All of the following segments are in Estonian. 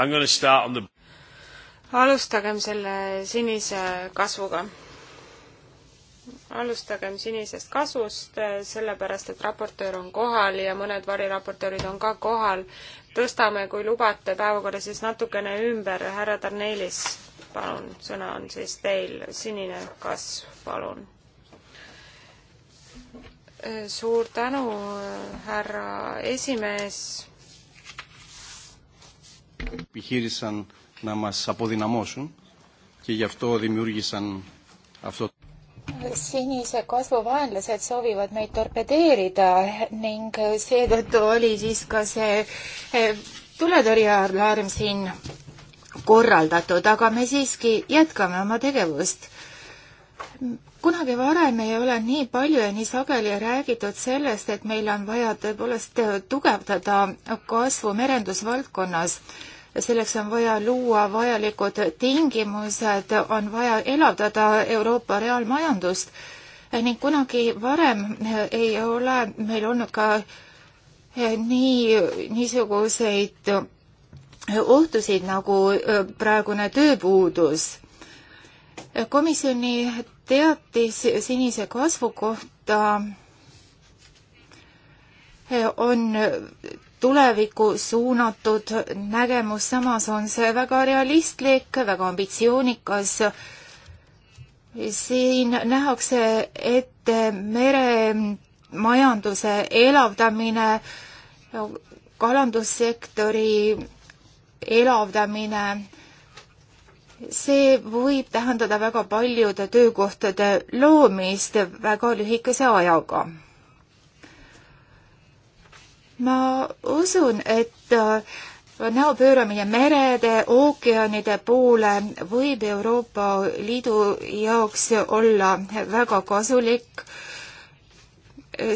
The... alustagem selle sinise kasvuga. alustagem sinisest kasvust, eh, sellepärast et raportöör on kohal ja mõned variraportöörid on ka kohal. tõstame, kui lubate, päevakorra siis natukene ümber. härra Tarnelis, palun, sõna on siis teil. sinine kasv, palun. Eh, suur tänu, eh, härra esimees επιχείρησαν να μας αποδυναμώσουν και γι' αυτό δημιούργησαν αυτό sinised kasvuvaenlased soovivad meid torpedeerida ning seetõttu oli siis ka see eh, tuletõrjealarm siin korraldatud, aga me siiski jätkame oma tegevust. kunagi varem ei ole nii palju ja nii sageli räägitud sellest, et meil on vaja tõepoolest tugevdada kasvu merendusvaldkonnas selleks on vaja luua vajalikud tingimused, on vaja elavdada Euroopa reaalmajandust ning kunagi varem ei ole meil olnud ka nii, niisuguseid ohtusid nagu praegune tööpuudus. komisjoni teatis sinise kasvu kohta on tulevikku suunatud nägemus, samas on see väga realistlik, väga ambitsioonikas. siin nähakse ette meremajanduse elavdamine, kalandussektori elavdamine, see võib tähendada väga paljude töökohtade loomist väga lühikese ajaga ma usun, et äh, näo pööramine merede, ookeanide poole võib Euroopa Liidu jaoks olla väga kasulik.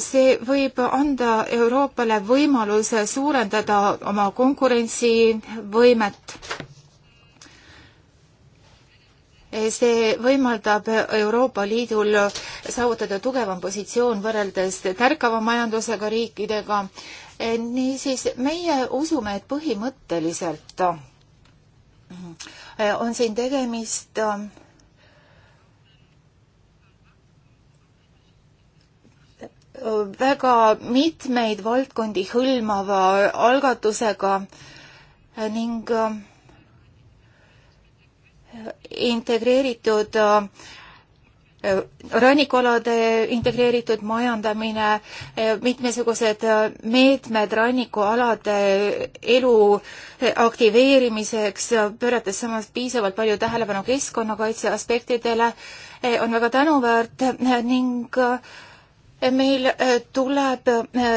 see võib anda Euroopale võimaluse suurendada oma konkurentsivõimet see võimaldab Euroopa Liidul saavutada tugevam positsioon võrreldes tärkava majandusega riikidega Eh, niisiis, meie usume, et põhimõtteliselt eh, on siin tegemist eh, väga mitmeid valdkondi hõlmava algatusega ning integreeritud rannikualade integreeritud majandamine, eh, mitmesugused eh, meetmed rannikualade elu eh, aktiveerimiseks, pöörates samas piisavalt palju tähelepanu keskkonnakaitse aspektidele, on väga tänuväärt ning meil tuleb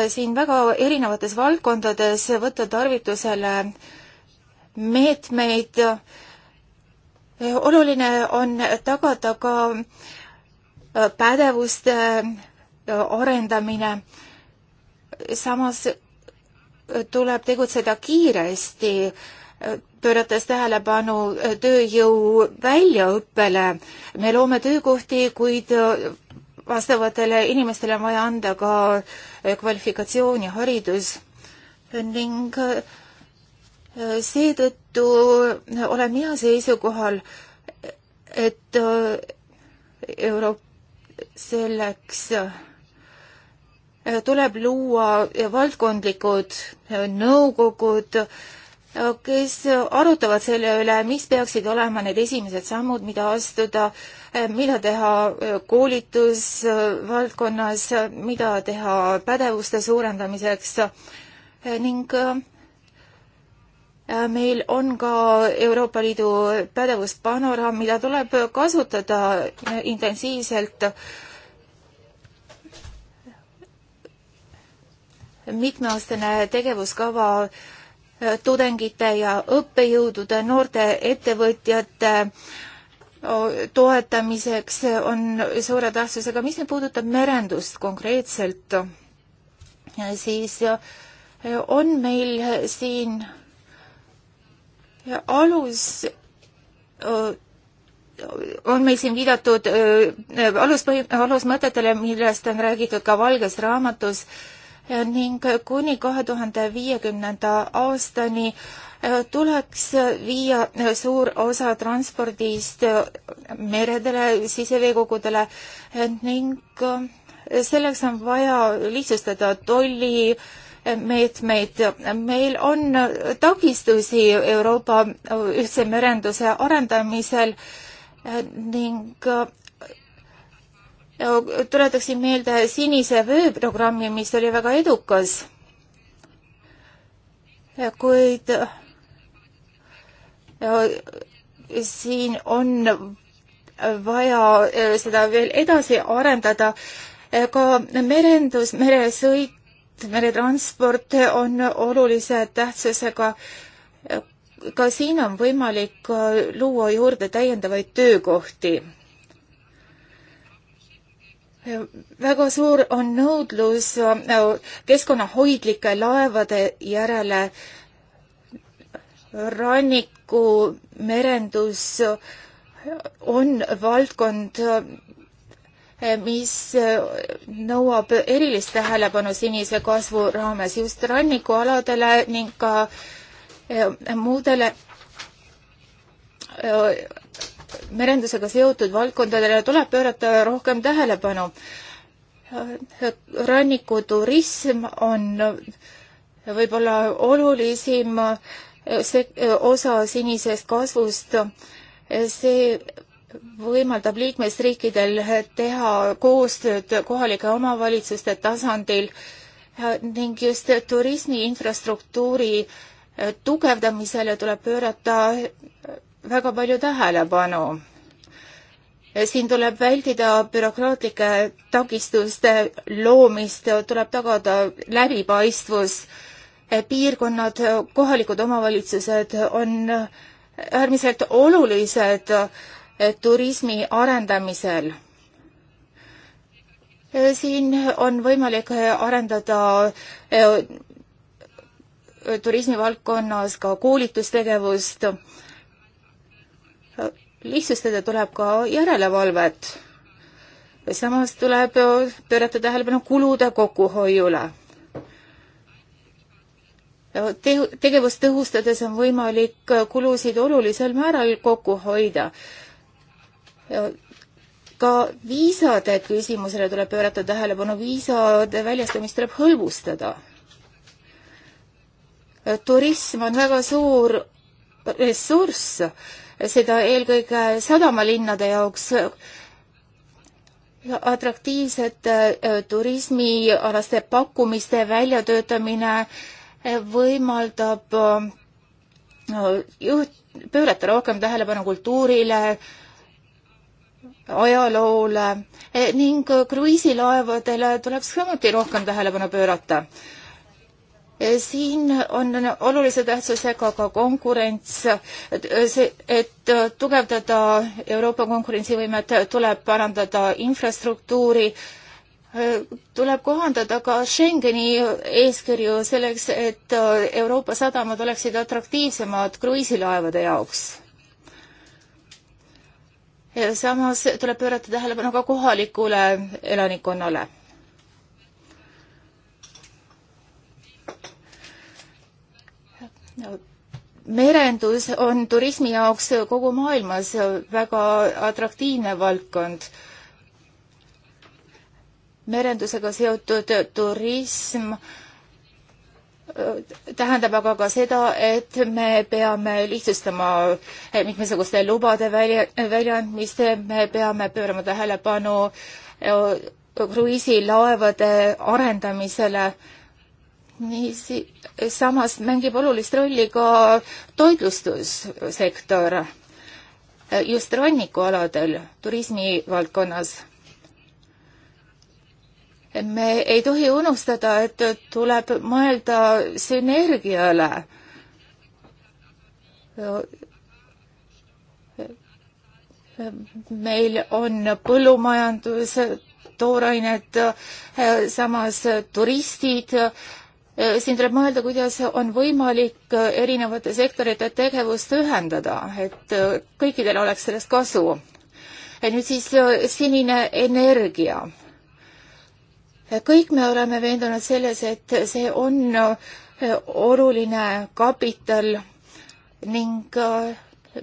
siin väga erinevates valdkondades võtta tarvitusele meetmeid, oluline on tagada ka -taga pädevuste arendamine. samas tuleb tegutseda kiiresti, pöörates tähelepanu tööjõu väljaõppele. me loome töökohti, kuid vastavatele inimestele on vaja anda ka kvalifikatsioon ja haridus ning seetõttu olen mina seisukohal, et Euroopa selleks äh, tuleb luua valdkondlikud äh, nõukogud, äh, kes arutavad selle üle, mis peaksid olema need esimesed sammud, mida astuda, mida teha koolitusvaldkonnas, mida teha pädevuste suurendamiseks ning Äh, meil on ka Euroopa Liidu pädevuspanoraam, mida tuleb kasutada intensiivselt mitmeaastane tegevuskava äh, tudengite ja õppejõudude, noorte ettevõtjate äh, toetamiseks on suure tähtsusega. mis nüüd puudutab merendust konkreetselt, siis on meil siin alus äh, on meil siin viidatud äh, äh, aluspõhi-, alusmõtetele, millest on räägitud ka Valges Raamatus ning kuni kahe tuhande viiekümnenda aastani tuleks viia suur osa transpordist meredele, siseveekogudele ning selleks on vaja lihtsustada tolli, meetmeid. meil on takistusi Euroopa ühtse merenduse arendamisel ning tuletaksin meelde Sinise vöö programmi, mis oli väga edukas. kuid siin on vaja eh, seda veel edasi arendada. ka merendus, meresõit meretransport on olulise tähtsusega. ka siin on võimalik äh, luua juurde täiendavaid töökohti. väga suur on nõudlus äh, keskkonnahoidlike laevade järele. rannikumerendus on valdkond, mis äh, nõuab erilist tähelepanu sinise kasvu raames just rannikualadele ning ka äh, muudele äh, merendusega seotud valdkondadele tuleb pöörata rohkem tähelepanu. rannikuturism on võib-olla olulisim see osa sinisest kasvust. see võimaldab liikmesriikidel teha koostööd kohalike omavalitsuste tasandil ning just turismi infrastruktuuri tugevdamisele tuleb pöörata väga palju tähelepanu. siin tuleb vältida bürokraatlike takistuste loomist, tuleb tagada läbipaistvus. piirkonnad, kohalikud omavalitsused on äärmiselt olulised äh, turismi arendamisel siin on võimalik arendada e, turismivaldkonnas ka koolitustegevust, lihtsustada tuleb ka järelevalvet. samas tuleb pöörata tähelepanu kulude kokkuhoiule. Te-, tegevust tõhustades on võimalik kulusid olulisel määral kokku hoida ka viisade küsimusele tuleb pöörata tähelepanu, viisade väljastamist tuleb hõlbustada. turism on väga suur ressurss, seda eelkõige sadamalinnade jaoks atraktiivsete äh, turismialaste pakkumiste väljatöötamine äh, võimaldab äh, juht, pöörata rohkem tähelepanu kultuurile, ajaloole e, ning äh, kruiisilaevadele tuleb samuti rohkem tähelepanu pöörata. E, siin on olulise tähtsusega ka konkurents, äh, see, et äh, tugevdada Euroopa konkurentsivõimet, tuleb parandada infrastruktuuri, e, tuleb kohandada ka Schengeni eeskirju selleks, et Euroopa sadamad oleksid atraktiivsemad kruiisilaevade jaoks samas tuleb pöörata tähelepanu ka kohalikule elanikkonnale. merendus on turismi jaoks kogu maailmas väga atraktiivne valdkond merendusega seotud turism tähendab aga ka seda, et me peame lihtsustama mitmesuguste lubade välja, väljaandmist, me peame pöörama tähelepanu e, kruiisilaevade arendamisele. niisi-, samas mängib olulist rolli ka toitlustussektor e, just rannikualadel turismi valdkonnas me ei tohi unustada, et tuleb mõelda sünergiale. meil on põllumajandus, toorained, samas turistid, siin tuleb mõelda, kuidas on võimalik erinevate sektorite tegevust ühendada, et kõikidel oleks sellest kasu. nüüd siis sinine energia kõik me oleme veendunud selles, et see on äh, oluline kapital ning äh,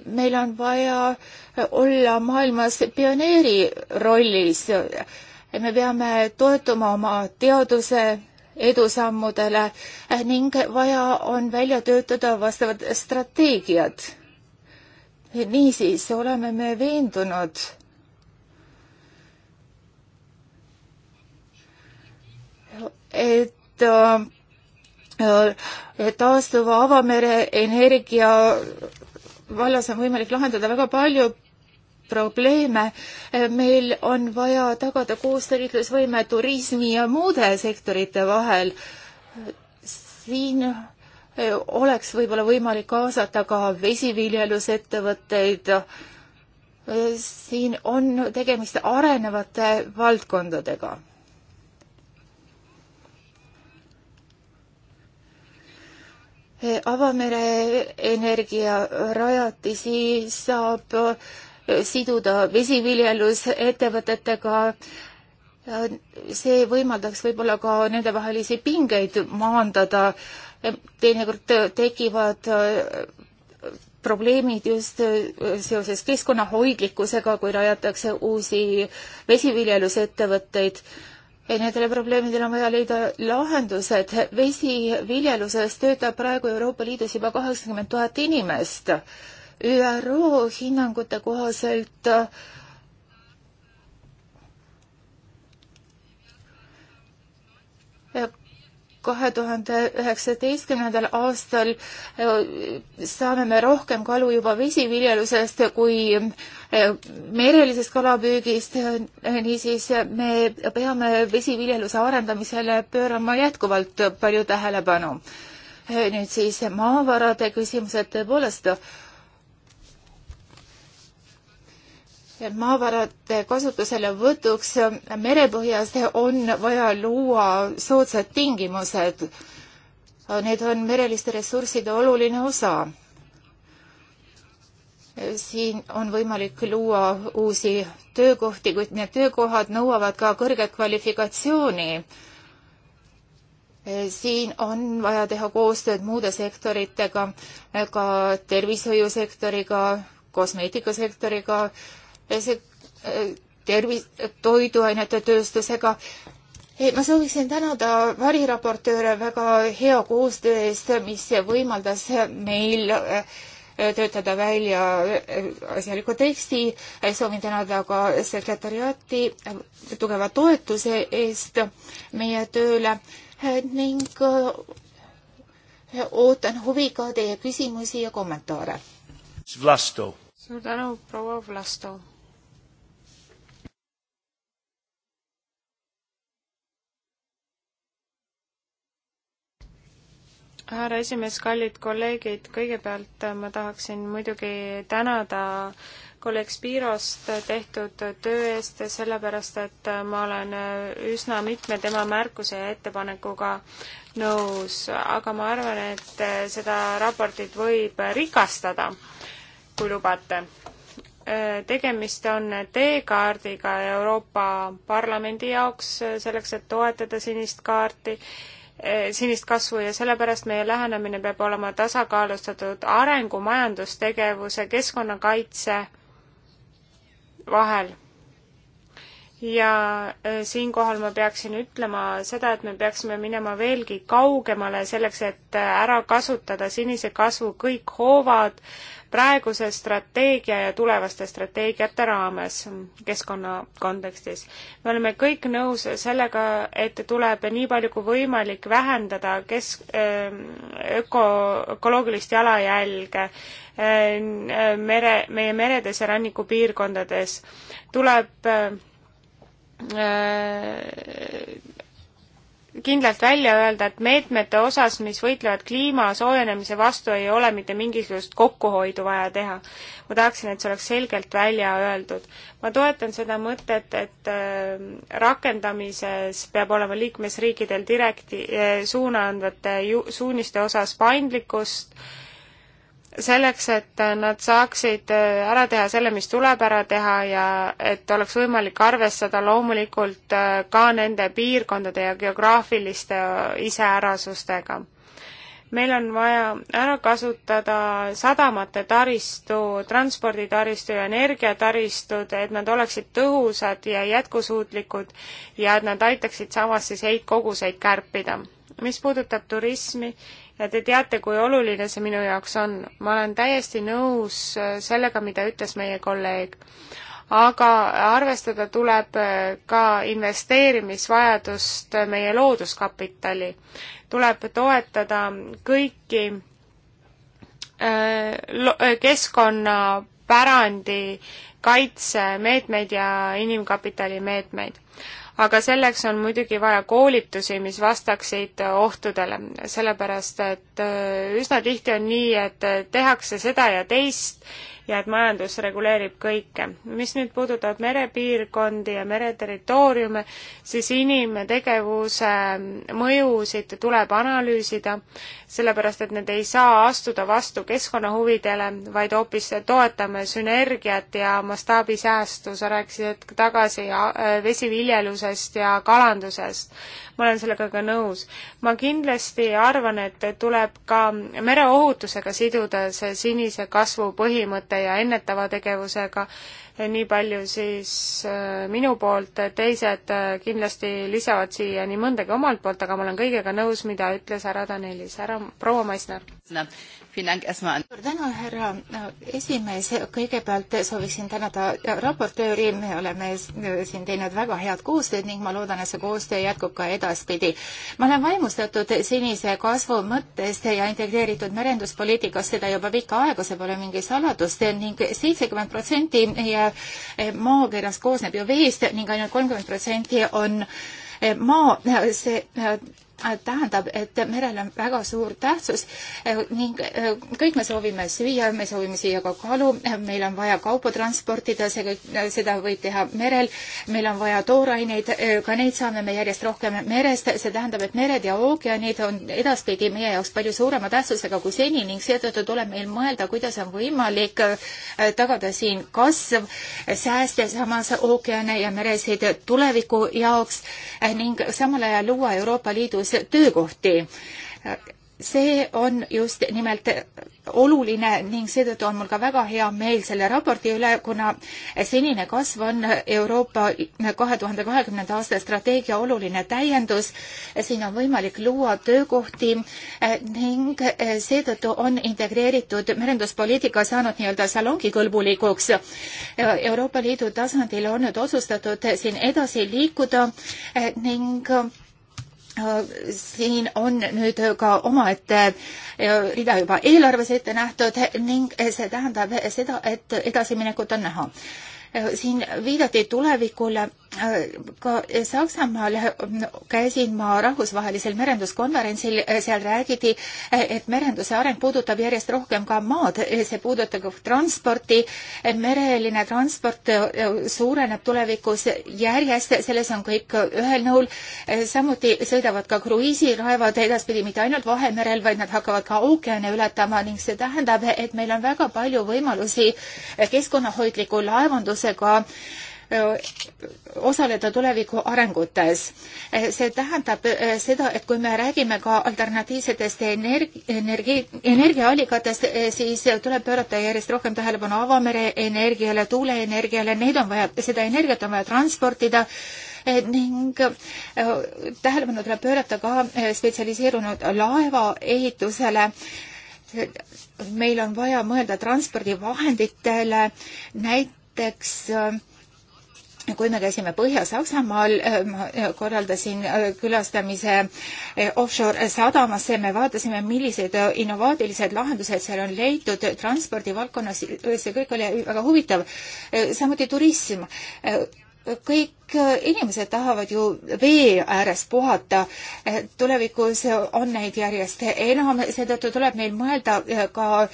meil on vaja äh, olla maailmas pioneeri rollis. me peame toetuma oma teaduse edusammudele ning vaja on välja töötada vastavad strateegiad. niisiis oleme me veendunud et äh, äh, taastuva avamere energia vallas on võimalik lahendada väga palju probleeme. meil on vaja tagada koostalitlusvõime turismi ja muude sektorite vahel. siin äh, oleks võib-olla võimalik kaasata ka vesiviljelusettevõtteid. siin on tegemist arenevate valdkondadega avamere energiarajatisi saab siduda vesiviljelusettevõtetega. see võimaldaks võib-olla ka nendevahelisi pingeid maandada. teinekord tekivad probleemid just seoses keskkonnahoidlikkusega, kui rajatakse uusi vesiviljelusettevõtteid Nendele probleemidele on vaja leida lahendused. vesiviljeluses töötab praegu Euroopa Liidus juba kaheksakümmend tuhat inimest. ÜRO hinnangute kohaselt kahe tuhande üheksateistkümnendal aastal äh, saame me rohkem kalu juba vesiviljelusest kui äh, merelisest kalapüügist, niisiis me peame vesiviljeluse arendamisele pöörama jätkuvalt palju tähelepanu. Äh, nüüd siis maavarade küsimused, tõepoolest maavarade kasutuselevõtuks merepõhjas on vaja luua soodsad tingimused. Need on mereliste ressursside oluline osa. siin on võimalik luua uusi töökohti, kuid need töökohad nõuavad ka kõrget kvalifikatsiooni. siin on vaja teha koostööd muude sektoritega, ka tervishoiusektoriga, kosmeetikasektoriga, Äh, tervis, toiduainete tööstusega. ma sooviksin tänada variraportööre väga hea koostöö eest, mis võimaldas meil äh, töötada välja äh, asjaliku teksti. soovin tänada ka sekretäriaati tugeva toetuse eest meie tööle ning ootan huviga teie küsimusi ja kommentaare. suur tänu, proua Vlasto! härra esimees, kallid kolleegid, kõigepealt äh, ma tahaksin muidugi tänada kolleeg Spirost tehtud töö eest, sellepärast et äh, ma olen äh, üsna mitme tema märkuse ja ettepanekuga nõus, aga ma arvan, et seda raportit võib rikastada, kui lubate. tegemist on teekaardiga Euroopa Parlamendi jaoks, selleks et toetada sinist kaarti Eh, sinist kasvu ja sellepärast meie lähenemine peab olema tasakaalustatud arengu, majandustegevuse, keskkonnakaitse vahel ja äh, siinkohal ma peaksin ütlema seda, et me peaksime minema veelgi kaugemale selleks, et äh, ära kasutada sinise kasvu kõik hoovad praeguse strateegia ja tulevaste strateegiate raames keskkonna kontekstis. me oleme kõik nõus sellega, et tuleb nii palju kui võimalik vähendada kes-, ähm, öko-, ökoloogilist jalajälge äh, mere, meie meredes ja rannikupiirkondades. tuleb Äh, kindlalt välja öelda, et meetmete osas, mis võitlevad kliima soojenemise vastu, ei ole mitte mingisugust kokkuhoidu vaja teha. ma tahaksin, et see oleks selgelt välja öeldud. ma toetan seda mõtet, et äh, rakendamises peab olema liikmesriikidel direkti-, äh, suunaandvate ju-, suuniste osas paindlikkust äh, selleks, et nad saaksid äh, ära teha selle, mis tuleb ära teha ja et oleks võimalik arvestada loomulikult äh, ka nende piirkondade ja geograafiliste äh, iseärasustega. meil on vaja ära kasutada sadamate taristu, transporditaristu ja energiataristud, et nad oleksid tõhusad ja jätkusuutlikud ja et nad aitaksid samas siis heitkoguseid kärpida. mis puudutab turismi, ja te teate, kui oluline see minu jaoks on. ma olen täiesti nõus äh, sellega, mida ütles meie kolleeg. aga arvestada tuleb äh, ka investeerimisvajadust äh, meie looduskapitali. tuleb toetada kõiki keskkonnapärandi kaitsemeetmeid ja inimkapitali meetmeid aga selleks on muidugi vaja koolitusi, mis vastaksid ohtudele, sellepärast et äh, üsna tihti on nii, et äh, tehakse seda ja teist ja et majandus reguleerib kõike. mis nüüd puudutab merepiirkondi ja mereterritooriume, siis inimtegevuse mõjusid tuleb analüüsida, sellepärast et need ei saa astuda vastu keskkonnahuvidele, vaid hoopis toetame sünergiat ja mastaabisäästu, sa rääkisid hetk tagasi äh, vesiviljelusest ja kalandusest. ma olen sellega ka nõus. ma kindlasti arvan, et tuleb ka mereohutusega siduda see sinise kasvu põhimõte, meetmete ja ennetava tegevusega. nii palju siis äh, minu poolt, teised äh, kindlasti lisavad siia nii mõndagi omalt poolt, aga ma olen kõigega nõus, mida ütles härra Danelis, härra proua Maisner suur tänu, härra äh, esimees, kõigepealt sooviksin tänada raportööri, me oleme siin teinud väga head koostööd ning ma loodan, et see koostöö jätkub ka edaspidi. ma olen vaimustatud senise kasvu mõttest ja integreeritud merenduspoliitikast, seda juba pikka aega, see pole mingi saladus ning seitsekümmend protsenti meie eh, maakerast koosneb ju veest ning ainult kolmkümmend protsenti on eh, maa, see eh, tähendab, et merel on väga suur tähtsus eh, ning eh, kõik me soovime süüa, me soovime süüa ka kalu, eh, meil on vaja kaupu transportida, see kõik, seda võib teha merel, meil on vaja tooraineid, ka neid saame me järjest rohkem merest, see tähendab, et mered ja ookeanid on edaspidi meie jaoks palju suurema tähtsusega kui seni ning seetõttu tuleb meil mõelda, kuidas on võimalik tagada siin kasv, sääste samas ookeane ja meresid tuleviku jaoks ning samal ajal luua Euroopa Liidu töökohti. see on just nimelt oluline ning seetõttu on mul ka väga hea meel selle raporti üle, kuna senine kasv on Euroopa kahe tuhande kahekümnenda aasta strateegia oluline täiendus. siin on võimalik luua töökohti ning seetõttu on integreeritud merenduspoliitika saanud nii-öelda salongikõlbulikuks. Euroopa Liidu tasandil on nüüd otsustatud siin edasi liikuda ning siin on nüüd ka omaette rida juba eelarves ette nähtud ning see tähendab seda, et edasiminekut on näha. Äh, siin viidati tulevikule, äh, ka Saksamaal äh, käisin ma rahvusvahelisel merenduskonverentsil, seal räägiti, et merenduse areng puudutab järjest rohkem ka maad, see puudutab transporti, mereline transport suureneb tulevikus järjest, selles on kõik ühel nõul, samuti sõidavad ka kruiisiraevad edaspidi mitte ainult Vahemerel, vaid nad hakkavad ka ookeane ületama ning see tähendab, et meil on väga palju võimalusi keskkonnahoidliku laevanduse kaasega osaleda tuleviku arengutes. see tähendab seda, et kui me räägime ka alternatiivsetest energi-, energi-, energiaallikatest, siis tuleb pöörata järjest rohkem tähelepanu avamere energiale, tuuleenergiale, neid on vaja, seda energiat on vaja transportida ning tähelepanu tuleb pöörata ka spetsialiseerunud laevaehitusele meil on vaja mõelda transpordivahenditele, näit-, näiteks äh, kui me käisime Põhja-Saksamaal, äh, ma äh, korraldasin külastamise offshore sadamasse, me vaatasime, millised innovaatilised lahendused seal on leitud transpordivaldkonnas, see kõik oli väga huvitav. samuti turism. kõik inimesed tahavad ju vee ääres puhata. tulevikus on neid järjest enam, seetõttu tuleb meil mõelda ka äh,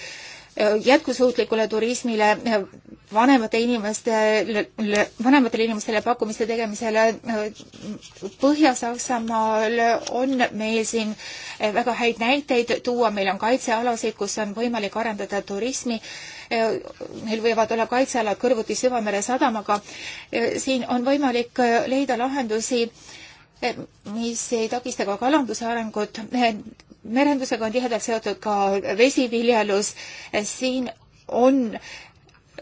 Äh, jätkusuutlikule turismile, äh, vanemate inimestele, vanematele inimestele pakkumiste tegemisele äh, Põhja-Saksamaal on meil siin väga häid näiteid tuua, meil on kaitsealasid, kus on võimalik arendada turismi, meil võivad olla kaitsealad kõrvuti Süvamere sadamaga, siin on võimalik leida lahendusi mis ei takista ka kalanduse arengut merendusega on tihedalt seotud ka vesiviljelus, siin on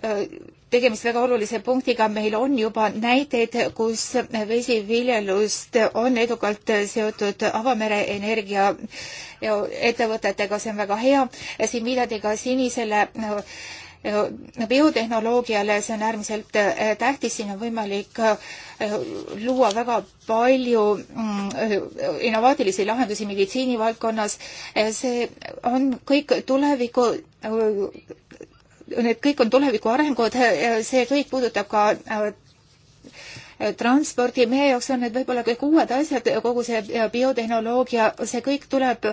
äh, tegemist väga olulise punktiga, meil on juba näiteid, kus vesiviljelust on edukalt seotud avamere energia ettevõtetega, see on väga hea, siin viidati ka sinisele no, äh, Äh, biotehnoloogiale, see on äärmiselt äh, tähtis, siin on võimalik äh, luua väga palju mm, innovaatilisi lahendusi meditsiinivaldkonnas. see on kõik tuleviku need kõik on tuleviku arengud, see kõik puudutab ka transporti, meie jaoks on need võib-olla kõik uued asjad, kogu see biotehnoloogia, see kõik tuleb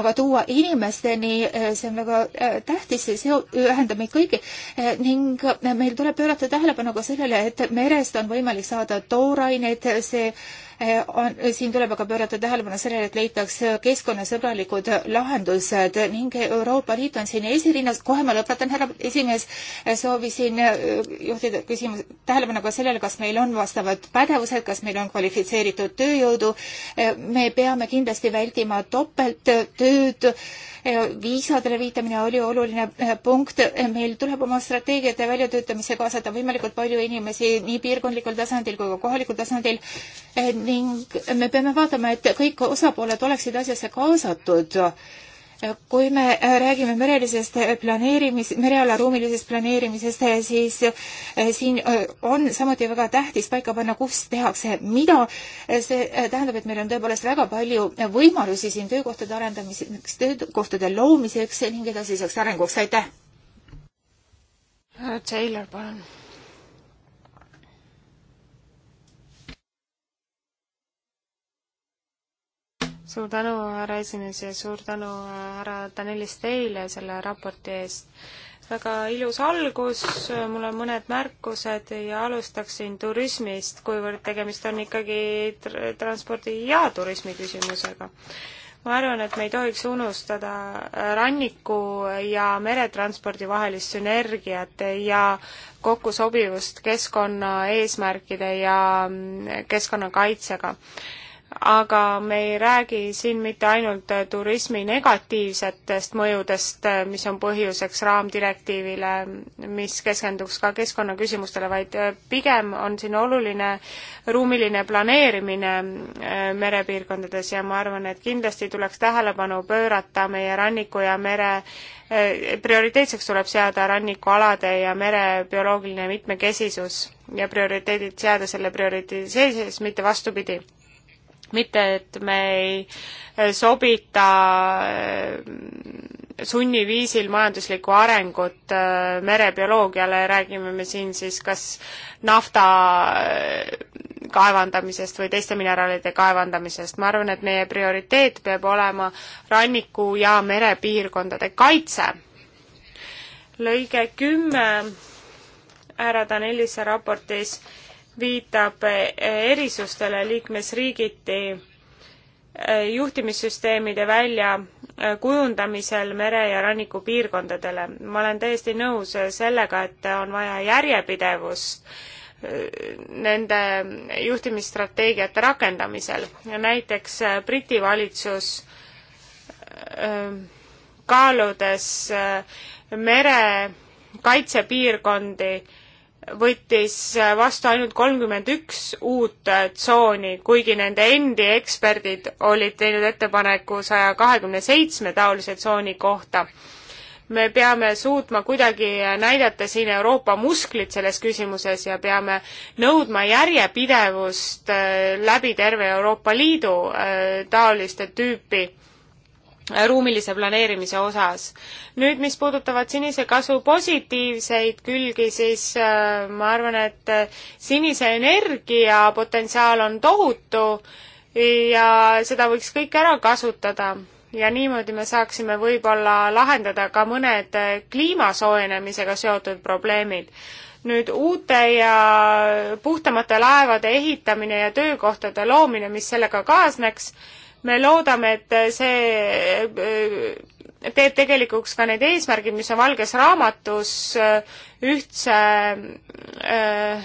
aga tuua inimesteni, see on väga äh, tähtis, see seo-, ühendab meid kõiki äh, ning meil tuleb pöörata tähelepanu ka sellele, et merest on võimalik saada tooraineid, see on, siin tuleb aga pöörata tähelepanu sellele, et leitaks keskkonnasõbralikud lahendused ning Euroopa Liit on siin esirinnas, kohe ma lõpetan, härra esimees, soovisin äh, juhtida küsimus, tähelepanu ka sellele, kas meil on vastavad pädevused, kas meil on kvalifitseeritud tööjõudu, äh, me peame kindlasti vältima topelttööd, viisadele viitamine oli oluline eh, punkt, meil tuleb oma strateegiate väljatöötamisse kaasata võimalikult palju inimesi nii piirkondlikul tasandil kui ka kohalikul tasandil eh, ning me peame vaatama, et kõik osapooled oleksid asjasse kaasatud kui me äh, räägime merelisest äh, planeerimis, mereala ruumilisest planeerimisest, äh, siis siin on samuti väga tähtis paika panna, kus tehakse mida. see tähendab, et meil on tõepoolest väga palju võimalusi siin töökohtade arendamiseks, töökohtade loomiseks ning edasiseks arenguks, aitäh! Taylor, palun suur tänu, härra esimees ja suur tänu, härra Danelis, teile selle raporti eest. väga ilus algus, mul on mõned märkused ja alustaksin turismist, kuivõrd tegemist on ikkagi tr transpordi ja turismi küsimusega ma arvan, et me ei tohiks unustada ranniku ja meretranspordi vahelist sünergiat ja kokkusobivust keskkonna eesmärkide ja keskkonnakaitsega aga me ei räägi siin mitte ainult turismi negatiivsetest mõjudest, mis on põhjuseks raamdirektiivile, mis keskenduks ka keskkonnaküsimustele, vaid pigem on siin oluline ruumiline planeerimine äh, merepiirkondades ja ma arvan, et kindlasti tuleks tähelepanu pöörata meie ranniku ja mere äh, prioriteetseks tuleb seada rannikualade ja mere bioloogiline mitmekesisus ja prioriteedid seada selle prioriteedi sees, mitte vastupidi mitte et me ei eh, sobita eh, sunniviisil majanduslikku arengut eh, merebioloogiale, räägime me siin siis kas nafta kaevandamisest või teiste mineraalide kaevandamisest, ma arvan, et meie prioriteet peab olema ranniku- ja merepiirkondade kaitse. lõige kümme härra Danelise raportis äh, viitab erisustele liikmesriigiti eh, juhtimissüsteemide väljakujundamisel mere- ja rannikupiirkondadele. ma olen täiesti nõus sellega, et on vaja järjepidevust eh, nende juhtimisstrateegiate rakendamisel. näiteks eh, Briti valitsus kaaludes merekaitsepiirkondi võttis vastu ainult kolmkümmend üks uut tsooni, kuigi nende endi eksperdid olid teinud ettepaneku saja kahekümne seitsme taolise tsooni kohta. me peame suutma kuidagi näidata siin Euroopa musklit selles küsimuses ja peame nõudma järjepidevust äh, läbi terve Euroopa Liidu äh, taoliste tüüpi ruumilise planeerimise osas. nüüd, mis puudutavad sinise kasu positiivseid külgi, siis äh, ma arvan, et äh, sinise energia potentsiaal on tohutu ja seda võiks kõik ära kasutada. ja niimoodi me saaksime võib-olla lahendada ka mõned äh, kliima soojenemisega seotud probleemid nüüd uute ja puhtamate laevade ehitamine ja töökohtade loomine, mis sellega kaasneks, me loodame, et see äh, teeb tegelikuks ka need eesmärgid, mis on Valges Raamatus äh, ühtse äh,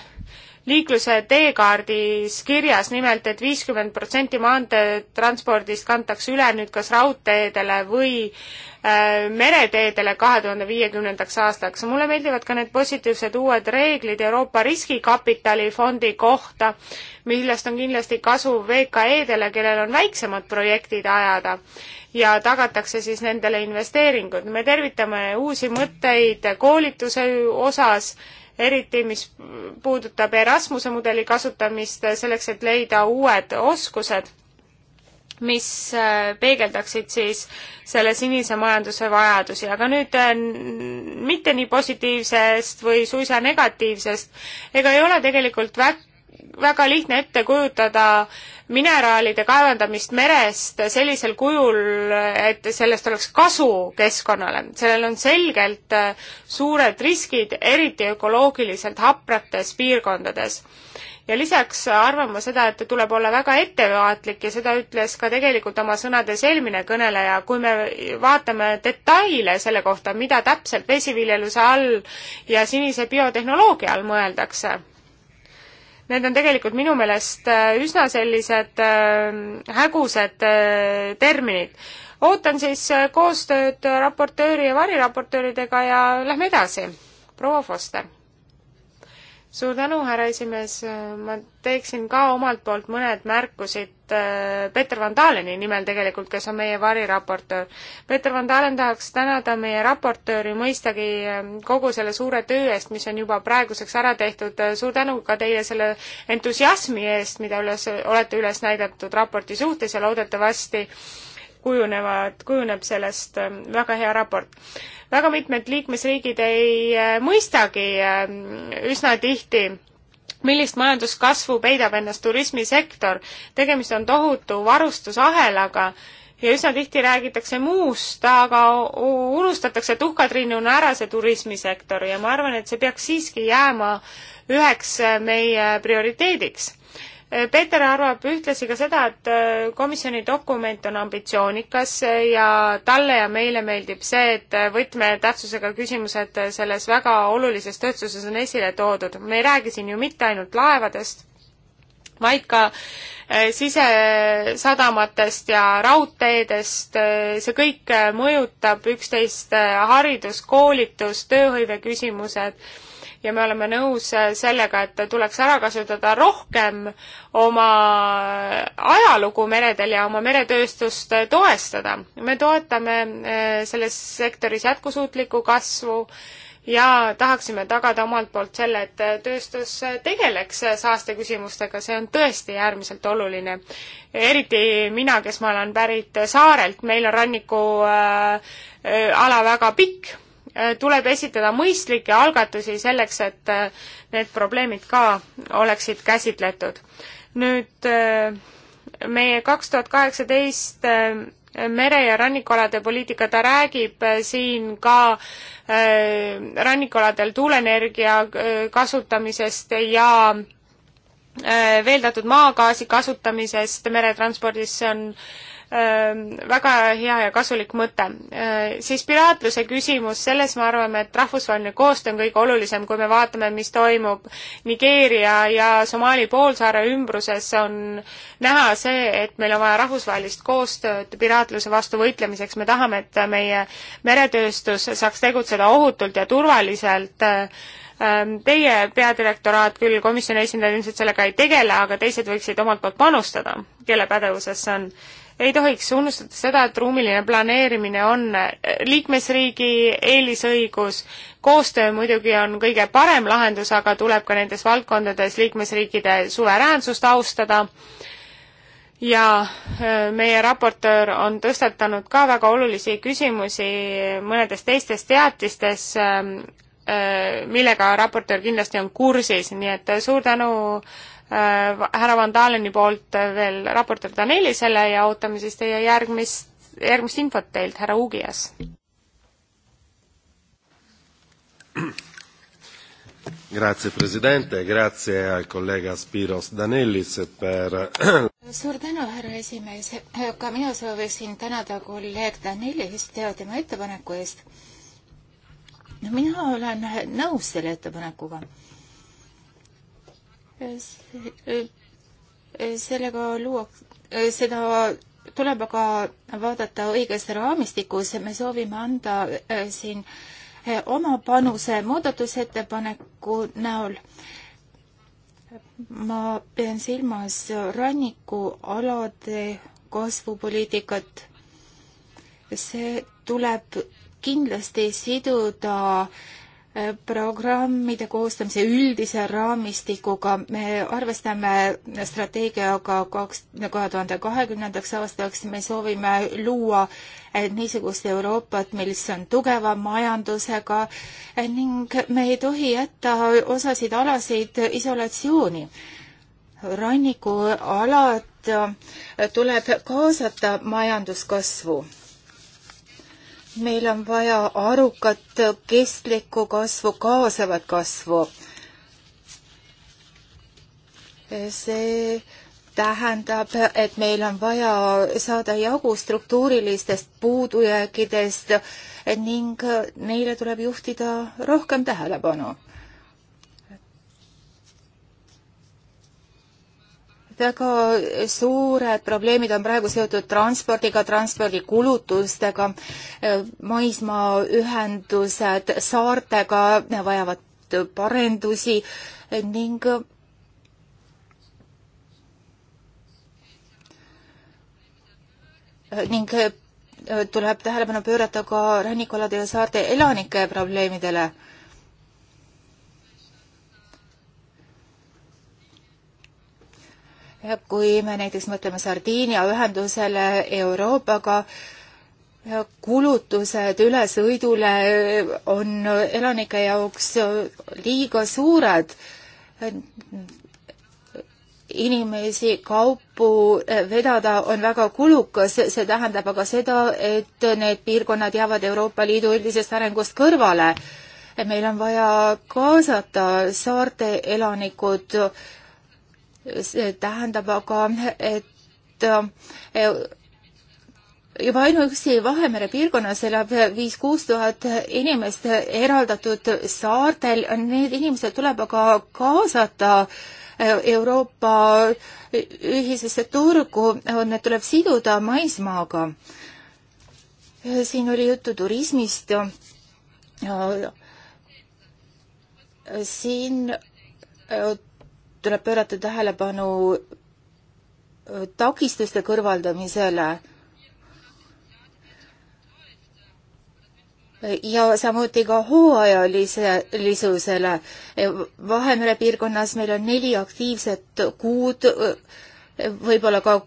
liikluse teekaardis kirjas nimelt et, et viiskümmend protsenti maanteetranspordist kantakse üle nüüd kas raudteedele või äh, mereteedele kahe tuhande viiekümnendaks aastaks. mulle meeldivad ka need positiivsed uued reeglid Euroopa riskikapitalifondi kohta, millest on kindlasti kasu VKE-dele, kellel on väiksemad projektid ajada ja tagatakse siis nendele investeeringud. me tervitame uusi mõtteid koolituse osas eriti mis puudutab Erasmuse mudeli kasutamist selleks, et leida uued oskused, mis äh, peegeldaksid siis selle sinise majanduse vajadusi, aga nüüd äh, mitte nii positiivsest või suisa negatiivsest, ega ei ole tegelikult vä-, väga lihtne ette kujutada mineraalide kaevandamist merest sellisel kujul, et sellest oleks kasu keskkonnale. sellel on selgelt äh, suured riskid, eriti ökoloogiliselt haprates piirkondades. ja lisaks arvan ma seda, et tuleb olla väga ettevaatlik ja seda ütles ka tegelikult oma sõnades eelmine kõneleja, kui me vaatame detaile selle kohta, mida täpselt vesiviljeluse all ja sinise biotehnoloogia all mõeldakse need on tegelikult minu meelest äh, üsna sellised äh, hägused äh, terminid. ootan siis koostööd raportööri ja variraportööridega ja lähme edasi. proua Foster suur tänu, härra esimees, ma teeksin ka omalt poolt mõned märkusid äh, Peeter Van Daleni nimel tegelikult, kes on meie variraportöör. Peeter Van Dalen tahaks tänada meie raportööri mõistagi äh, kogu selle suure töö eest, mis on juba praeguseks ära tehtud, äh, suur tänu ka teile selle entusiasmi eest, mida üles, olete üles näidatud raporti suhtes ja loodetavasti kujunevad, kujuneb sellest väga hea raport väga mitmed liikmesriigid ei äh, mõistagi äh, üsna tihti millist majanduskasvu peidab ennast turismisektor, tegemist on tohutu varustusahelaga ja üsna tihti räägitakse muust, aga unustatakse tuhkatrinnuna ära see turismisektor ja ma arvan, et see peaks siiski jääma üheks äh, meie prioriteediks Peeter arvab ühtlasi ka seda, et äh, komisjoni dokument on ambitsioonikas äh, ja talle ja meile meeldib see, et äh, võtmetähtsusega küsimused selles väga olulises tööstuses on esile toodud. me ei räägi siin ju mitte ainult laevadest, vaid ka sisesadamatest ja raudteedest, see kõik mõjutab üksteist, haridus, koolitus, tööhõive küsimused ja me oleme nõus äh, sellega, et tuleks ära kasutada rohkem oma äh, ajalugu meredel ja oma meretööstust äh, toestada. me toetame selles sektoris jätkusuutlikku kasvu ja tahaksime tagada omalt poolt selle, et tööstus tegeleks saasteküsimustega, see on tõesti äärmiselt oluline. eriti mina, kes ma olen pärit saarelt, meil on rannikuala äh, äh, väga pikk Äh, tuleb esitada mõistlikke algatusi selleks, et äh, need probleemid ka oleksid käsitletud. nüüd äh, meie kaks tuhat kaheksateist mere- ja rannikualade poliitika, ta räägib siin ka rannikualadel tuuleenergia kasutamisest ja veeldatud maagaasi kasutamisest meretranspordis, see on Ehm, väga hea ja kasulik mõte. Ehm, siis piraatluse küsimus, selles me arvame, et rahvusvaheline koostöö on kõige olulisem, kui me vaatame, mis toimub Nigeeria ja Somaali poolsaare ümbruses, on näha see, et meil on vaja rahvusvahelist koostööd piraatluse vastu võitlemiseks, me tahame, et meie meretööstus saaks tegutseda ohutult ja turvaliselt ehm, Teie peadirektoraat küll, komisjoni esindajad ilmselt sellega ei tegele, aga teised võiksid omalt poolt panustada, kelle pädevuses see on ei tohiks unustada seda, et ruumiline planeerimine on eh, liikmesriigi eelisõigus, koostöö muidugi on kõige parem lahendus, aga tuleb ka nendes valdkondades liikmesriikide suveräänsust austada ja eh, meie raportöör on tõstatanud ka väga olulisi küsimusi mõnedes teistes teatistes, eh, millega raportöör kindlasti on kursis, nii et suur tänu äh, Äh, härra Van Daleni poolt äh, veel raportöör Danelisele ja ootame siis teie järgmist, järgmist infot teilt, härra Ugias. Grazie Presidente, grazie al collega Spiros Danellis per suur tänu, härra esimees, ka mina sooviksin tänada kolleeg Danellist ja tema ettepaneku eest. mina olen nõus selle ettepanekuga Äh, sellega luuakse, äh, seda tuleb aga vaadata õiges raamistikus, me soovime anda äh, siin oma panuse muudatusettepaneku näol. ma pean silmas rannikualade kasvupoliitikat. see tuleb kindlasti siduda äh, Äh, programmide koostamise üldise raamistikuga me arvestame strateegiaga kaks, kahe tuhande kahekümnendaks aastaks, me soovime luua äh, niisugust Euroopat, mis on tugeva majandusega äh, ning me ei tohi jätta osasid alasid isolatsiooni. rannikualad tuleb kaasata majanduskasvu meil on vaja arukat kestlikku kasvu, kaasavat kasvu. see tähendab, et meil on vaja saada jagu struktuurilistest puudujääkidest ning neile tuleb juhtida rohkem tähelepanu väga suured probleemid on praegu seotud transpordiga, transpordikulutustega, maismaaühendused saartega vajavad parendusi ning ning tuleb tähelepanu pöörata ka rannikualade ja saarte elanike probleemidele kui me näiteks mõtleme Sardiinia ühendusele Euroopaga, kulutused ülesõidule on elanike jaoks liiga suured. inimesi, kaupu vedada on väga kulukas, see tähendab aga seda, et need piirkonnad jäävad Euroopa Liidu üldisest arengust kõrvale. meil on vaja kaasata saarte elanikud see tähendab aga, et äh, juba ainuüksi Vahemere piirkonnas elab viis-kuus tuhat inimest eraldatud saartel, need inimesed tuleb aga kaasata äh, Euroopa ühisesse turgu, need tuleb siduda maismaaga. siin oli juttu turismist. Äh, siin tuleb pöörata tähelepanu äh, takistuste kõrvaldamisele ja samuti ka hooajalisusele. Äh, Vahemere piirkonnas meil on neli aktiivset kuud, äh, võib-olla ka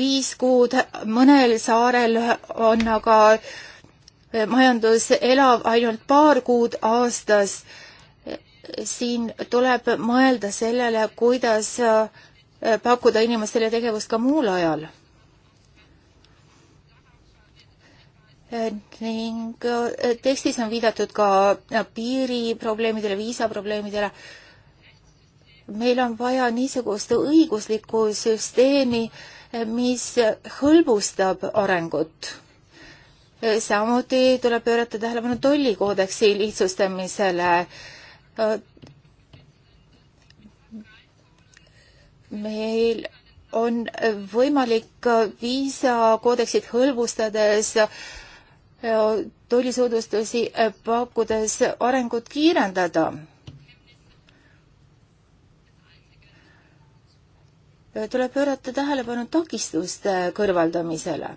viis kuud, mõnel saarel on aga majandus elav ainult paar kuud aastas siin tuleb mõelda sellele, kuidas äh, pakkuda inimestele tegevust ka muul ajal. Äh, ning äh, tekstis on viidatud ka piiriprobleemidele, viisaprobleemidele. meil on vaja niisugust õiguslikku süsteemi, mis hõlbustab arengut. samuti tuleb pöörata tähelepanu tollikoodeksi lihtsustamisele Äh, meil on võimalik viisakoodeksit hõlbustades äh, tollisoodustusi äh, pakkudes arengut kiirendada. tuleb pöörata tähelepanu takistuste kõrvaldamisele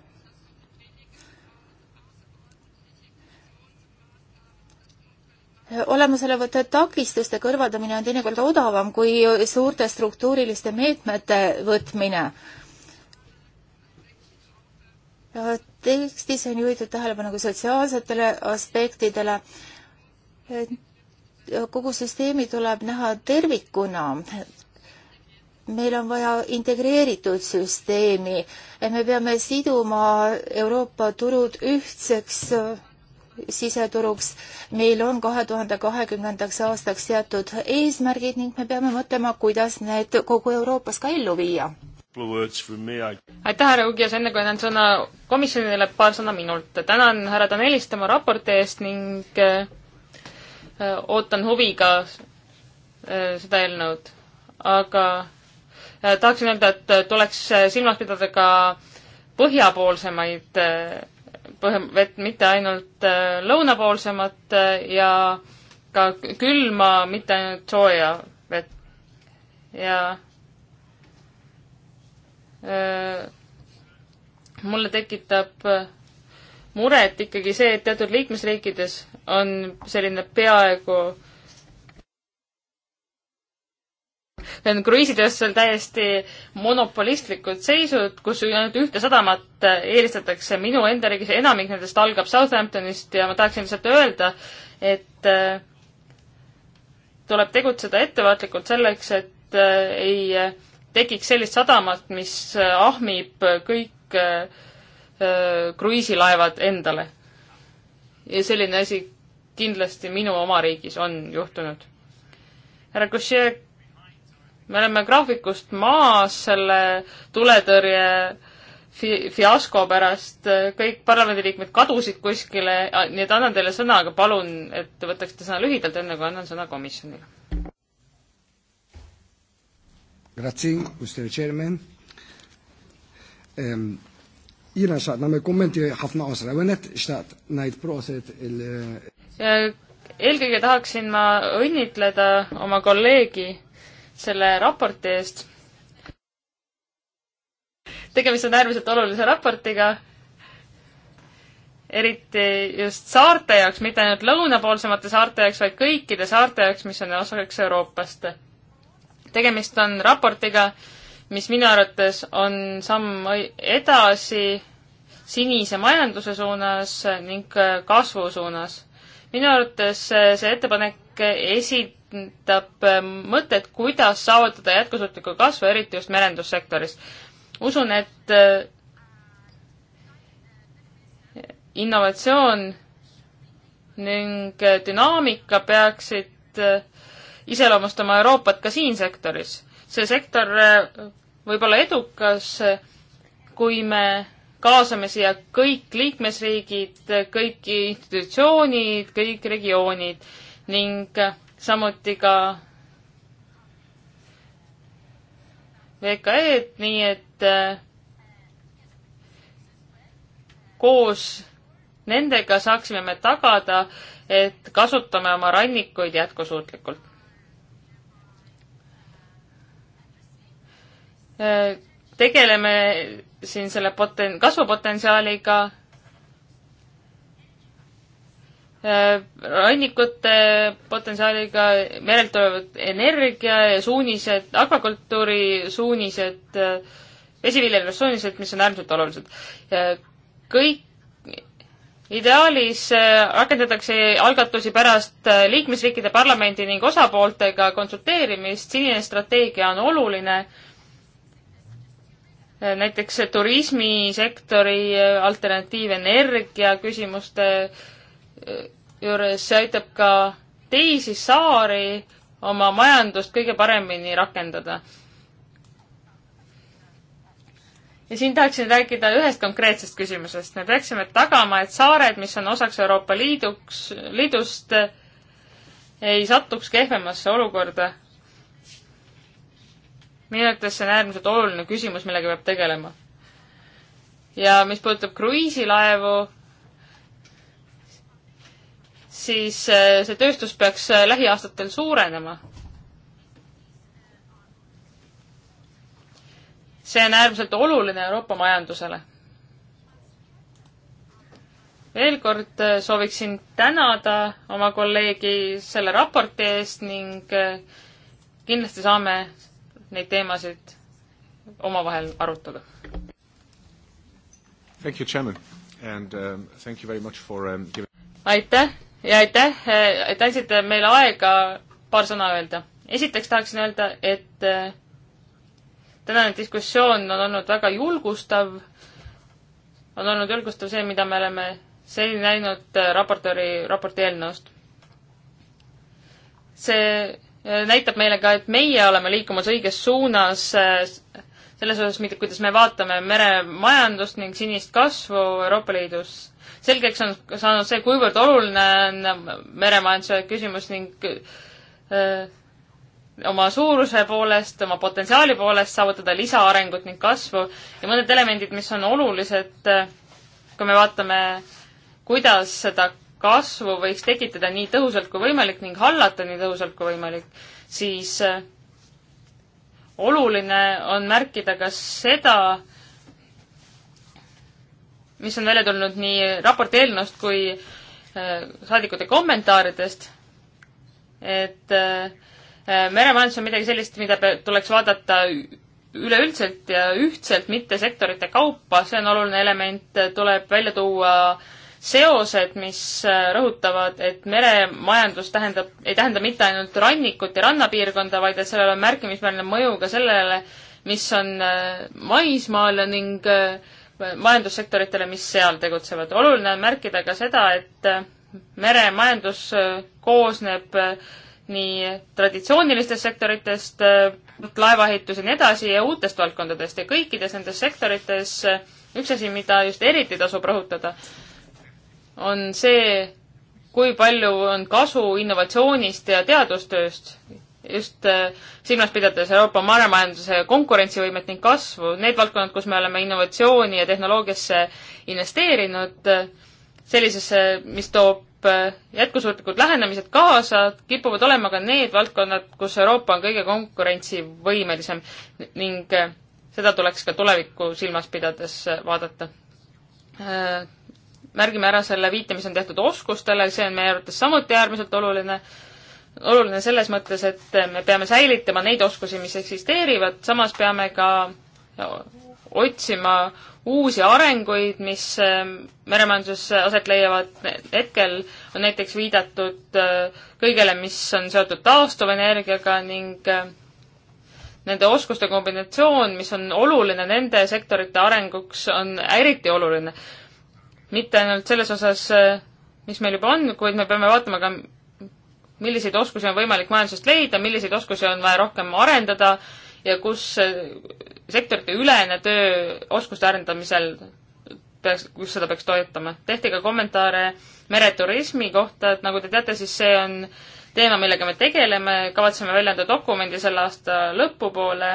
olemasolevate takistuste kõrvaldamine on teinekord odavam kui suurte struktuuriliste meetmete võtmine. tekstis on juhitud tähelepanu ka sotsiaalsetele aspektidele. kogu süsteemi tuleb näha tervikuna. meil on vaja integreeritud süsteemi, me peame siduma Euroopa turud ühtseks siseturuks. meil on kahe tuhande kahekümnendaks aastaks seatud eesmärgid ning me peame mõtlema, kuidas need kogu Euroopas ka ellu viia. aitäh, härra Ugias, enne kui annan sõna komisjonile, paar sõna minult. tänan härra Danelist tema raporti eest ning äh, ootan huviga äh, seda eelnõud, aga äh, tahaksin öelda, et äh, tuleks äh, silmas pidada ka põhjapoolsemaid äh, põhimõtteliselt mitte ainult äh, lõunapoolsemat äh, ja ka külma, mitte ainult sooja vett. ja öö, äh, mulle tekitab muret ikkagi see, et teatud liikmesriikides on selline peaaegu öö, kruiisitööstusel täiesti monopolistlikud seisud, kus ainult ühte sadamat äh, eelistatakse minu enda riigis, enamik nendest algab Southamptonist ja ma tahaksin lihtsalt öelda, et äh, tuleb tegutseda ettevaatlikult selleks, et äh, ei tekiks sellist sadamat, mis ahmib kõik kruiisilaevad endale. ja selline asi kindlasti minu oma riigis on juhtunud. härra Kosiek me oleme graafikust maas selle tuletõrje fi-, fiasko pärast, kõik parlamendiliikmed kadusid kuskile, nii et annan teile sõna, aga palun, et te võtaksite sõna lühidalt, enne kui annan sõna komisjonile. Grazie, Mr Chairman um,. Ehm, Jina saad, no me kommenti hafna osale võnet, saad neid prooseid il... eelkõige tahaksin ma õnnitleda oma kolleegi selle raporti eest. tegemist on äärmiselt olulise raportiga, eriti just saarte jaoks, mitte ainult lõunapoolsemate saarte jaoks, vaid kõikide saarte jaoks, mis on osaks Euroopast. tegemist on raportiga, mis minu arvates on samm edasi sinise majanduse suunas ning kasvu suunas. minu arvates see ettepanek esi-, tähendab ähm, mõtet, kuidas saavutada jätkusuutlikku kasvu, eriti just merendussektoris. usun, et äh, innovatsioon ning äh, dünaamika peaksid äh, iseloomustama Euroopat ka siin sektoris. see sektor võib olla edukas, kui me kaasame siia kõik liikmesriigid, kõik institutsioonid, kõik regioonid ning samuti ka VKE-d, nii et äh, koos nendega saaksime me tagada, et kasutame oma rannikuid jätkusuutlikult. Äh, tegeleme siin selle poten-, kasvupotentsiaaliga Äh, rannikute potentsiaaliga, merelt tulevad energia ja suunised, akvakultuuri suunised, äh, vesiviljelussuunised, mis on äärmiselt olulised. kõik ideaalis äh, rakendatakse algatusi pärast liikmesriikide parlamendi ning osapooltega konsulteerimist, sinine strateegia on oluline, näiteks turismisektori alternatiivenergia küsimuste äh, juures, see aitab ka teisi saari oma majandust kõige paremini rakendada. ja siin tahaksin rääkida ühest konkreetsest küsimusest. me peaksime tagama, et saared, mis on osaks Euroopa Liiduks, Liidust, ei satuks kehvemasse olukorda. minu arvates see on äärmiselt oluline küsimus, millega peab tegelema. ja mis puudutab kruiisilaevu, siis äh, see tööstus peaks äh, lähiaastatel suurenema. see on äärmiselt oluline Euroopa majandusele. veel kord äh, sooviksin tänada oma kolleegi selle raporti eest ning kindlasti saame neid teemasid omavahel arutada. Thank you, Chairman, and um, thank you very much for um, giving aitäh ja aitäh, eh, et andsite meile aega paar sõna öelda. esiteks tahaksin öelda, et eh, tänane diskussioon on olnud väga julgustav. on olnud julgustav see, mida me oleme seni näinud eh, raportööri raporti eelnõust. see näitab meile ka, et meie oleme liikumas õiges suunas selles osas, kuidas me vaatame meremajandust ning sinist kasvu Euroopa Liidus selgeks on saanud see, kuivõrd oluline on meremajanduse küsimus ning öö, oma suuruse poolest, oma potentsiaali poolest saavutada lisaarengut ning kasvu ja mõned elemendid, mis on olulised, kui me vaatame, kuidas seda kasvu võiks tekitada nii tõhusalt kui võimalik ning hallata nii tõhusalt kui võimalik, siis oluline on märkida ka seda, mis on välja tulnud nii raporti eelnõust kui äh, saadikute kommentaaridest, et äh, äh, meremajandus on midagi sellist, mida tuleks vaadata üleüldiselt ja ühtselt, mitte sektorite kaupa, see on oluline element, tuleb välja tuua seosed, mis rõhutavad, et meremajandus tähendab, ei tähenda mitte ainult rannikut ja rannapiirkonda, vaid et sellel on märkimisväärne mõju ka sellele, mis on maismaal ning äh, majandussektoritele, mis seal tegutsevad. oluline on märkida ka seda, et meremajandus äh, koosneb äh, nii traditsioonilistest sektoritest, äh, laevaehitus ja nii edasi ja uutest valdkondadest ja kõikides nendes sektorites üks asi, mida just eriti tasub rõhutada, on see, kui palju on kasu innovatsioonist ja teadustööst just äh, silmas pidades Euroopa maailmamajanduse konkurentsivõimet ning kasvu, need valdkonnad, kus me oleme innovatsiooni ja tehnoloogiasse investeerinud, äh, sellisesse, mis toob äh, jätkusuutlikud lähenemised kaasa, kipuvad olema ka need valdkonnad, kus Euroopa on kõige konkurentsivõimelisem ning seda tuleks ka tulevikku silmas pidades vaadata. märgime ära selle viite, mis on tehtud oskustele, see on meie arvates samuti äärmiselt oluline oluline selles mõttes, et me peame säilitama neid oskusi, mis eksisteerivad, samas peame ka otsima uusi arenguid, mis ähm, meremajanduses aset leiavad. hetkel on näiteks viidatud äh, kõigele, mis on seotud taastuvenergiaga ning äh, nende oskuste kombinatsioon, mis on oluline nende sektorite arenguks, on eriti oluline. mitte ainult selles osas, äh, mis meil juba on, kuid me peame vaatama ka, milliseid oskusi on võimalik majandusest leida, milliseid oskusi on vaja rohkem arendada ja kus sektorite ülene töö oskuste arendamisel peaks, kus seda peaks toetama. tehti ka kommentaare mereturismi kohta, et nagu te teate, siis see on teema, millega me tegeleme, kavatseme välja anda dokumendi selle aasta lõpupoole,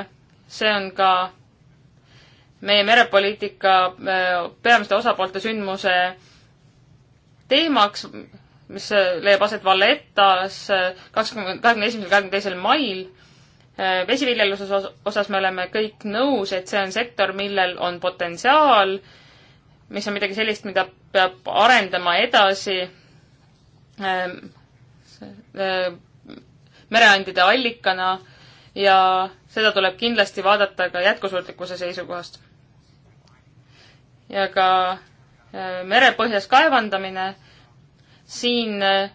see on ka meie merepoliitika äh, peamiste osapoolte sündmuse teemaks, mis äh, leiab aset Vallettas äh, kakskümmend, kahekümne esimesel, kahekümne teisel mail. Äh, vesiviljeluse osas me oleme kõik nõus, et see on sektor, millel on potentsiaal, mis on midagi sellist, mida peab arendama edasi ähm, mereandide allikana ja seda tuleb kindlasti vaadata ka jätkusuutlikkuse seisukohast. ja ka merepõhjas kaevandamine siin eh,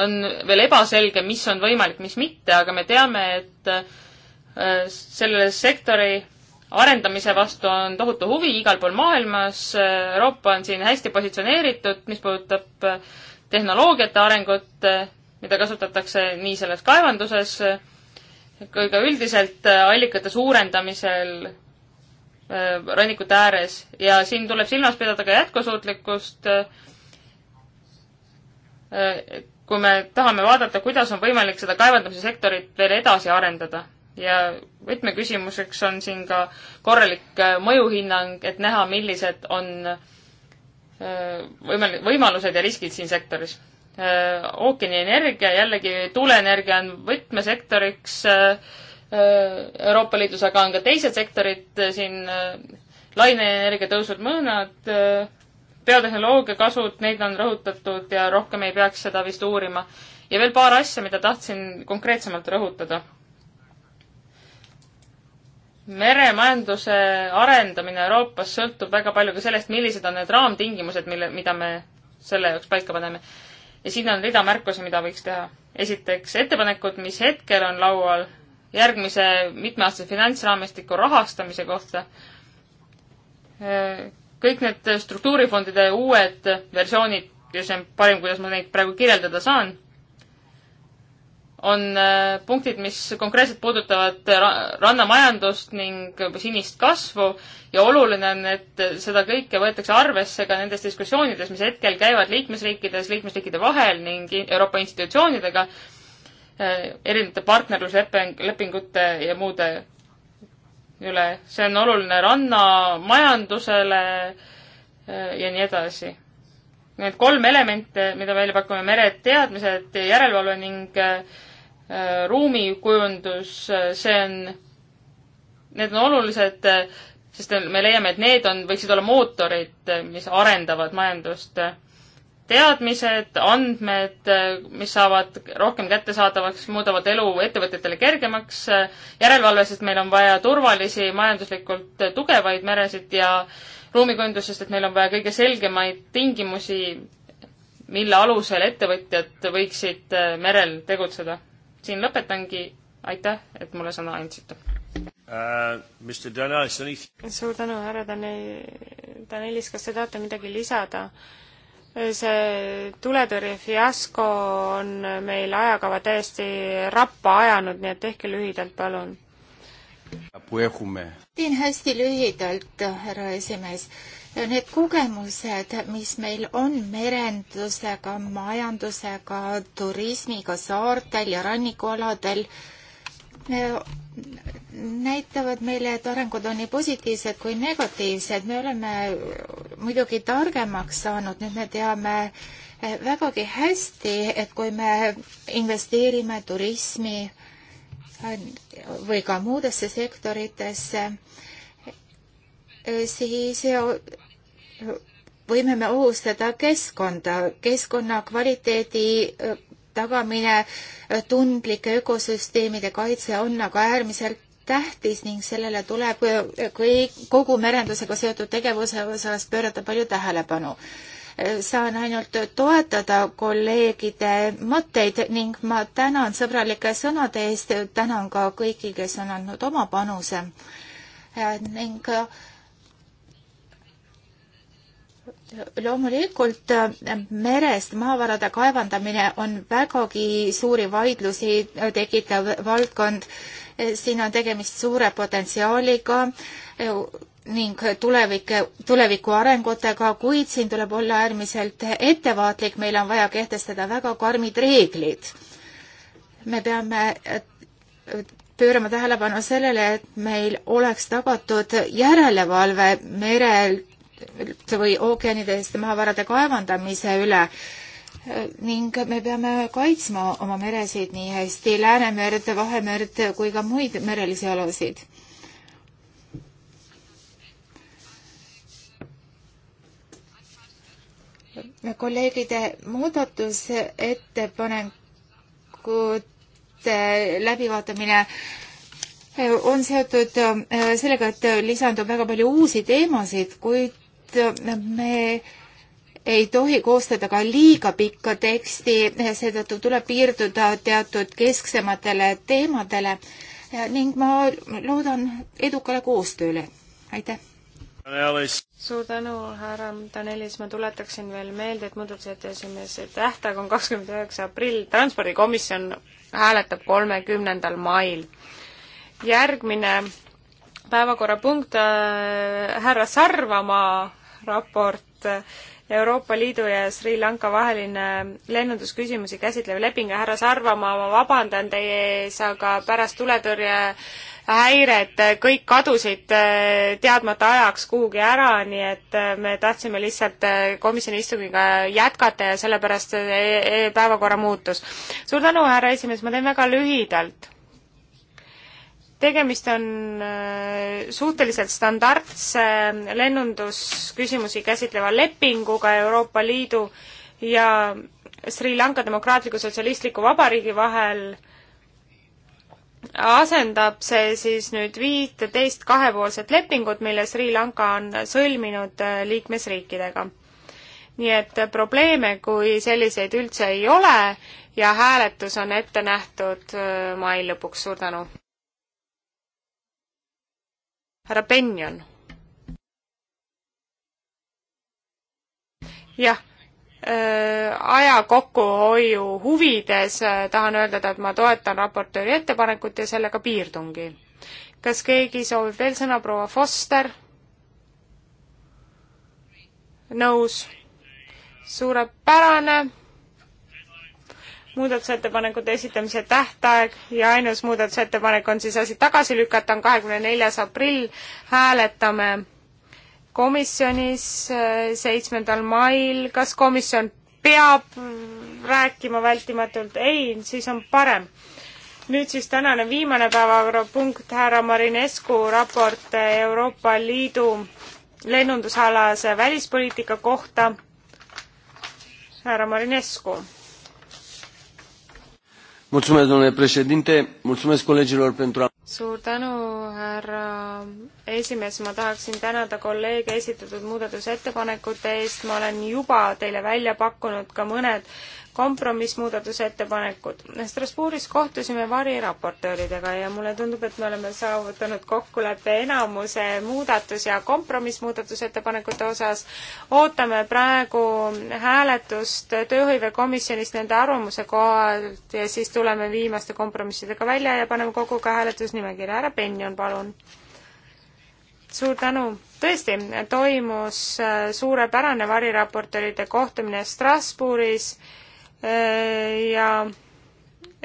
on veel ebaselge, mis on võimalik, mis mitte, aga me teame, et eh, selle sektori arendamise vastu on tohutu huvi igal pool maailmas, Euroopa on siin hästi positsioneeritud, mis puudutab eh, tehnoloogiate arengut, mida kasutatakse nii selles kaevanduses kui ka üldiselt allikate suurendamisel rannikute ääres ja siin tuleb silmas pidada ka jätkusuutlikkust, kui me tahame vaadata, kuidas on võimalik seda kaevandamise sektorit veel edasi arendada ja võtmeküsimuseks on siin ka korralik äh, mõjuhinnang, et näha, millised on äh, võimal-, võimalused ja riskid siin sektoris. Äh, ookeanienergia, jällegi tuuleenergia on võtmesektoriks Euroopa Liidus, aga on ka teised sektorid siin, laineenergia tõusud mõõnad, biotehnoloogia kasud, neid on rõhutatud ja rohkem ei peaks seda vist uurima. ja veel paar asja, mida tahtsin konkreetsemalt rõhutada. meremajanduse arendamine Euroopas sõltub väga palju ka sellest, millised on need raamtingimused, mille, mida me selle jaoks paika paneme. ja siin on rida märkusi, mida võiks teha. esiteks ettepanekud, mis hetkel on laual järgmise mitmeaastase finantsraamistiku rahastamise kohta äh, kõik need struktuurifondide uued versioonid, ja see on parim, kuidas ma neid praegu kirjeldada saan, on äh, punktid, mis konkreetselt puudutavad rannamajandust ning sinist kasvu ja oluline on, et seda kõike võetakse arvesse ka nendes diskussioonides, mis hetkel käivad liikmesriikides, liikmesriikide vahel ning Euroopa institutsioonidega, äh, erinevate partnerluslepingute ja muude üle, see on oluline rannamajandusele eh, ja nii edasi. Need kolm elemente, mida välja pakume, mered, teadmised, järelevalve ning eh, eh, ruumikujundus, see on, need on olulised, sest me leiame, et need on, võiksid olla mootorid, mis arendavad majandust teadmised, andmed, mis saavad rohkem kättesaadavaks, muudavad elu ettevõtetele kergemaks, järelevalve, sest meil on vaja turvalisi, majanduslikult tugevaid meresid ja ruumikujundus, sest et meil on vaja kõige selgemaid tingimusi, mille alusel ettevõtjad võiksid eh, merel tegutseda. siin lõpetangi, aitäh, et mulle sõna andsite uh,. suur tänu, härra Danilis, kas te tahate midagi lisada? see tuletõrje fiasko on meil ajakava täiesti rappa ajanud, nii et tehke lühidalt, palun. teen hästi lühidalt, härra esimees. Need kogemused, mis meil on merendusega, majandusega, turismiga saartel ja rannikualadel, näitavad meile, et arengud on nii positiivsed kui negatiivsed. me oleme muidugi targemaks saanud, nüüd me teame eh, vägagi hästi, et kui me investeerime turismi eh, või ka muudesse sektoritesse, eh, siis võime me ohustada keskkonda, keskkonna kvaliteedi tagamine, äh, tundlike ökosüsteemide kaitse on aga äärmiselt tähtis ning sellele tuleb äh, kõik, kogu merendusega seotud tegevuse osas pöörata palju tähelepanu. Äh, saan ainult toetada kolleegide mõtteid ning ma tänan sõbralike sõnade eest, tänan ka kõiki, kes on andnud oma panuse ning loomulikult äh, merest maavarade kaevandamine on vägagi suuri vaidlusi tekitav valdkond. Äh, siin on tegemist suure potentsiaaliga äh, ning tulevik, tuleviku arengutega, kuid siin tuleb olla äärmiselt ettevaatlik, meil on vaja kehtestada väga karmid reeglid. me peame pöörama tähelepanu sellele, et meil oleks tagatud järelevalve merel või ookeanidest maavarade kaevandamise üle ning me peame kaitsma oma meresid nii hästi Läänemerd, Vahemerd kui ka muid merelisi alusid. kolleegide muudatusettepanekute läbivaatamine on seotud sellega, et lisandub väga palju uusi teemasid, kuid et me ei tohi koostada ka liiga pikka teksti, seetõttu tuleb piirduda teatud kesksematele teemadele ning ma loodan edukale koostööle. aitäh! suur tänu, härra Danelis, ma tuletaksin veel meelde, et muudatused esimese tähtaeg on kakskümmend üheksa aprill, transpordikomisjon hääletab kolmekümnendal mail. järgmine päevakorrapunkt äh,, härra Sarvamaa raport eh, Euroopa Liidu ja Sri Lanka vaheline lennundusküsimusi käsitlev leping ja härra Sarvamaa, ma vabandan teie ees, aga pärast tuletõrje häired eh, kõik kadusid eh, teadmata ajaks kuhugi ära, nii et me tahtsime lihtsalt komisjoni istungiga jätkata ja sellepärast päevakorra muutus. suur tänu, härra esimees, ma teen väga lühidalt tegemist on äh, suhteliselt standardse lennundusküsimusi käsitleva lepinguga Euroopa Liidu ja Sri Lanka Demokraatliku Sotsialistliku Vabariigi vahel asendab see siis nüüd viiteist kahepoolset lepingut, mille Sri Lanka on sõlminud äh, liikmesriikidega. nii et probleeme kui selliseid üldse ei ole ja hääletus on ette nähtud äh, mai lõpuks, suur tänu! härra Benjon. jah äh, aja kokkuhoiu huvides äh, tahan öelda, et ma toetan raportööri ettepanekut ja sellega piirdungi. kas keegi soovib veel sõna, proua Foster? nõus. suurepärane muudatusettepanekute esitamise tähtaeg ja ainus muudatusettepanek on siis asi tagasi lükata, on kahekümne neljas aprill, hääletame komisjonis äh, seitsmendal mail, kas komisjon peab mm, rääkima vältimatult, ei, siis on parem. nüüd siis tänane viimane päevakorrapunkt, härra Marinescu raport Euroopa Liidu lennundusalase välispoliitika kohta. härra Marinescu Mulțumesc, domnule președinte, mulțumesc colegilor pentru... suur tänu, härra esimees, ma tahaksin tänada kolleege esitatud muudatusettepanekute eest, ma olen juba teile välja pakkunud ka mõned äh, kompromissmuudatusettepanekud. Strasbourgis kohtusime variraportööridega ja mulle tundub, et me oleme saavutanud kokkuleppe enamuse muudatus- ja kompromissmuudatusettepanekute osas. ootame praegu hääletust Tööhõivekomisjonis nende arvamuse kohalt ja siis tuleme viimaste kompromissidega välja ja paneme kokku ka hääletusnimekirja. härra Penjon, palun suur tänu! tõesti, toimus suurepärane variraportööride kohtumine Strasbourgis Äh, ja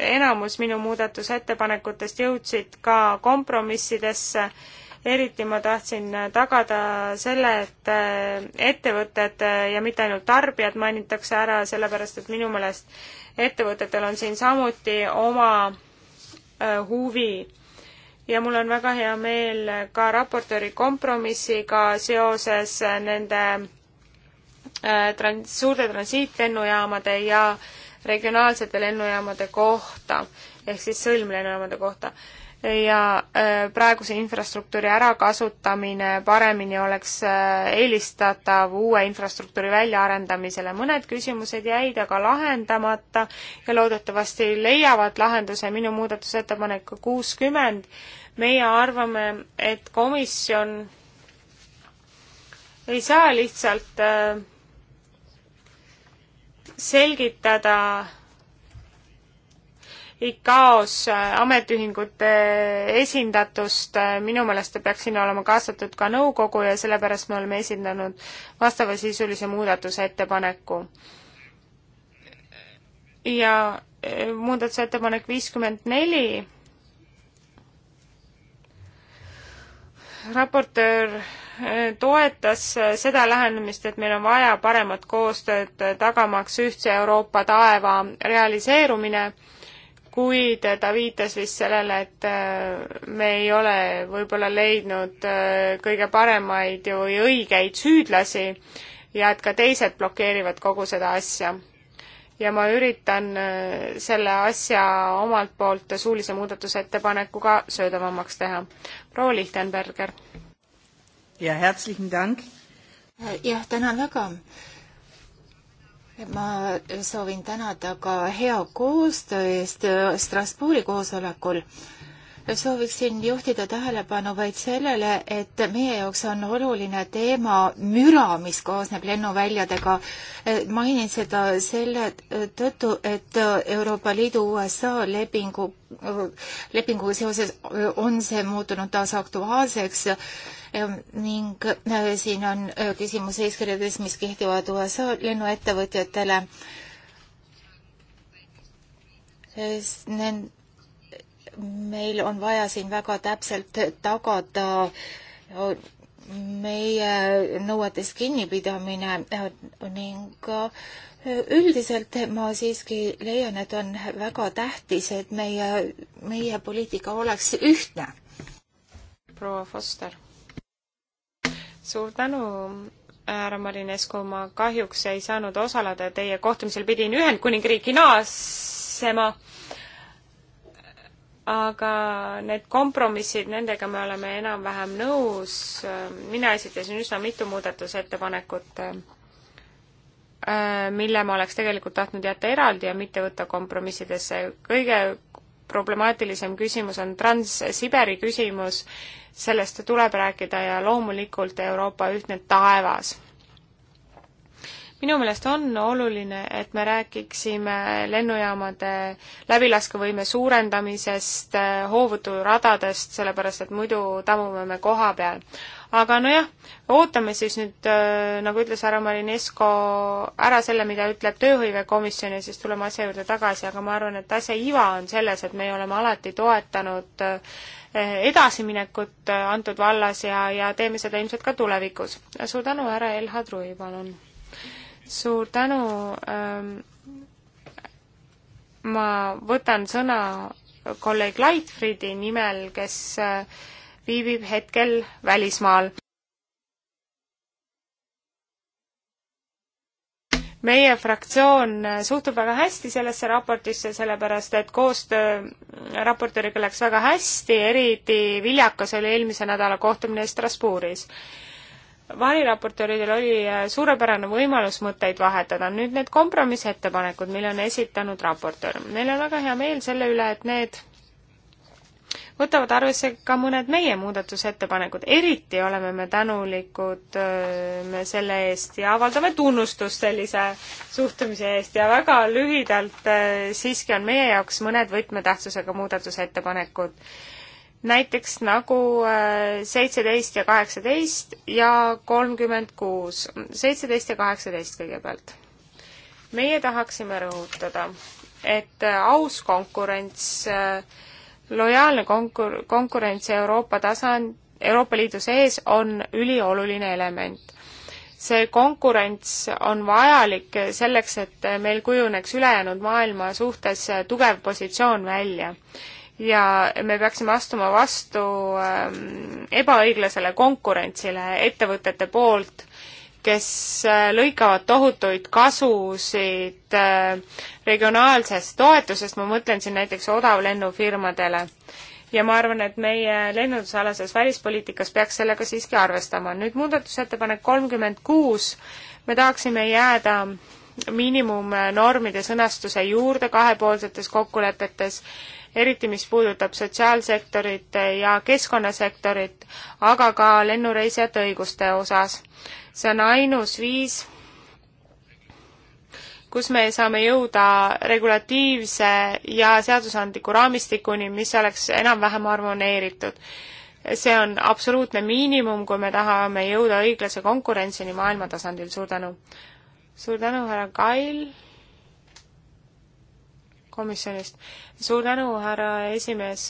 enamus minu muudatusettepanekutest jõudsid ka kompromissidesse, eriti ma tahtsin tagada selle, et äh, ettevõtted ja mitte ainult tarbijad mainitakse ära, sellepärast et minu meelest ettevõtetel on siin samuti oma äh, huvi ja mul on väga hea meel ka raportööri kompromissiga seoses nende Äh, trans-, suurte transiitlennujaamade ja regionaalsete lennujaamade kohta, ehk siis sõlmlennujaamade kohta. ja äh, praeguse infrastruktuuri ärakasutamine paremini oleks äh, eelistatav uue infrastruktuuri väljaarendamisele. mõned küsimused jäid aga lahendamata ja loodetavasti leiavad lahenduse minu muudatusettepanek kuuskümmend. meie arvame, et komisjon ei saa lihtsalt äh, selgitada ICAO-s äh, ametiühingute äh, esindatust, äh, minu meelest peaks sinna olema kaasatud ka nõukogu ja sellepärast me oleme esindanud vastavasisulise muudatusettepaneku. ja muudatusettepanek viiskümmend neli, raportöör toetas seda lähenemist, et meil on vaja paremat koostööd, tagamaks ühtse Euroopa taeva realiseerumine, kuid ta viitas vist sellele, et äh, me ei ole võib-olla leidnud äh, kõige paremaid või õigeid süüdlasi ja et ka teised blokeerivad kogu seda asja. ja ma üritan äh, selle asja omalt poolt suulise muudatusettepanekuga söödavamaks teha. proua Lichtenberger ja herzlichen Dank. jah, tänan väga. ma soovin tänada ka hea koostöö eest Strasbourgi koosolekul sooviksin juhtida tähelepanu vaid sellele, et meie jaoks on oluline teema müra, mis koosneb lennuväljadega. E, mainin seda selle tõttu, et Euroopa Liidu USA lepingu, lepinguga seoses on see muutunud taas aktuaalseks e, ning e, siin on küsimus eeskirjades, mis kehtivad USA lennuettevõtjatele meil on vaja siin väga täpselt tagada meie nõuetest kinnipidamine ning üldiselt ma siiski leian, et on väga tähtis, et meie, meie poliitika oleks ühtne. proua Foster. suur tänu, härra Marinesko, ma kahjuks ei saanud osaleda teie kohtumisel, pidin Ühendkuningriiki naasema aga need kompromissid, nendega me oleme enam-vähem nõus, mina esitasin üsna mitu muudatusettepanekut, äh, mille ma oleks tegelikult tahtnud jätta eraldi ja mitte võtta kompromissidesse. kõige problemaatilisem küsimus on Trans-Siberi küsimus, sellest tuleb rääkida ja loomulikult Euroopa ühtne taevas minu meelest on oluline, et me rääkiksime lennujaamade läbilaskevõime suurendamisest, hoovuturadadest, sellepärast et muidu tamume me koha peal. aga nojah, ootame siis nüüd, äh, nagu ütles härra Marinesko, ära selle, mida ütleb Tööhõivekomisjon ja siis tuleme asja juurde tagasi, aga ma arvan, et asja iva on selles, et meie oleme alati toetanud äh, edasiminekut äh, antud vallas ja, ja teeme seda ilmselt ka tulevikus. suur tänu, härra Elhad Rui, palun! suur tänu ähm,. ma võtan sõna kolleeg Leitfriedi nimel, kes äh, viibib hetkel välismaal. meie fraktsioon äh, suhtub väga hästi sellesse raportisse, sellepärast et koostöö äh, raportööriga läks väga hästi, eriti viljakas oli eelmise nädala kohtumine Strasbourgis variraportööridel oli äh, suurepärane võimalus mõtteid vahetada. nüüd need kompromissettepanekud, mille on esitanud raportöör. Neil on väga hea meel selle üle, et need võtavad arvesse ka mõned meie muudatusettepanekud, eriti oleme me tänulikud äh, me selle eest ja avaldame tunnustust sellise suhtumise eest ja väga lühidalt äh, siiski on meie jaoks mõned võtmetähtsusega muudatusettepanekud näiteks nagu äh, seitseteist ja kaheksateist ja kolmkümmend kuus. seitseteist ja kaheksateist kõigepealt. meie tahaksime rõhutada, et äh, aus konkurents, äh, lojaalne konkur-, konkurents Euroopa tasand, Euroopa Liidu sees on ülioluline element see konkurents on vajalik selleks, et meil kujuneks ülejäänud maailma suhtes tugev positsioon välja ja me peaksime astuma vastu ähm, ebaõiglasele konkurentsile ettevõtete poolt, kes äh, lõikavad tohutuid kasusid äh, regionaalsest toetusest, ma mõtlen siin näiteks odavlennufirmadele. ja ma arvan, et meie lennundusalases välispoliitikas peaks sellega siiski arvestama. nüüd muudatusettepanek kolmkümmend kuus, me tahaksime jääda miinimumnormide sõnastuse juurde kahepoolsetes kokkulepetes eriti mis puudutab sotsiaalsektorit ja keskkonnasektorit, aga ka lennureisijate õiguste osas. see on ainus viis, kus me saame jõuda regulatiivse ja seadusandliku raamistikuni, mis oleks enam-vähem harmoneeritud. see on absoluutne miinimum, kui me tahame jõuda õiglase konkurentsini maailma tasandil, suur tänu! suur tänu, härra Kail! komisjonist. suur tänu, härra esimees!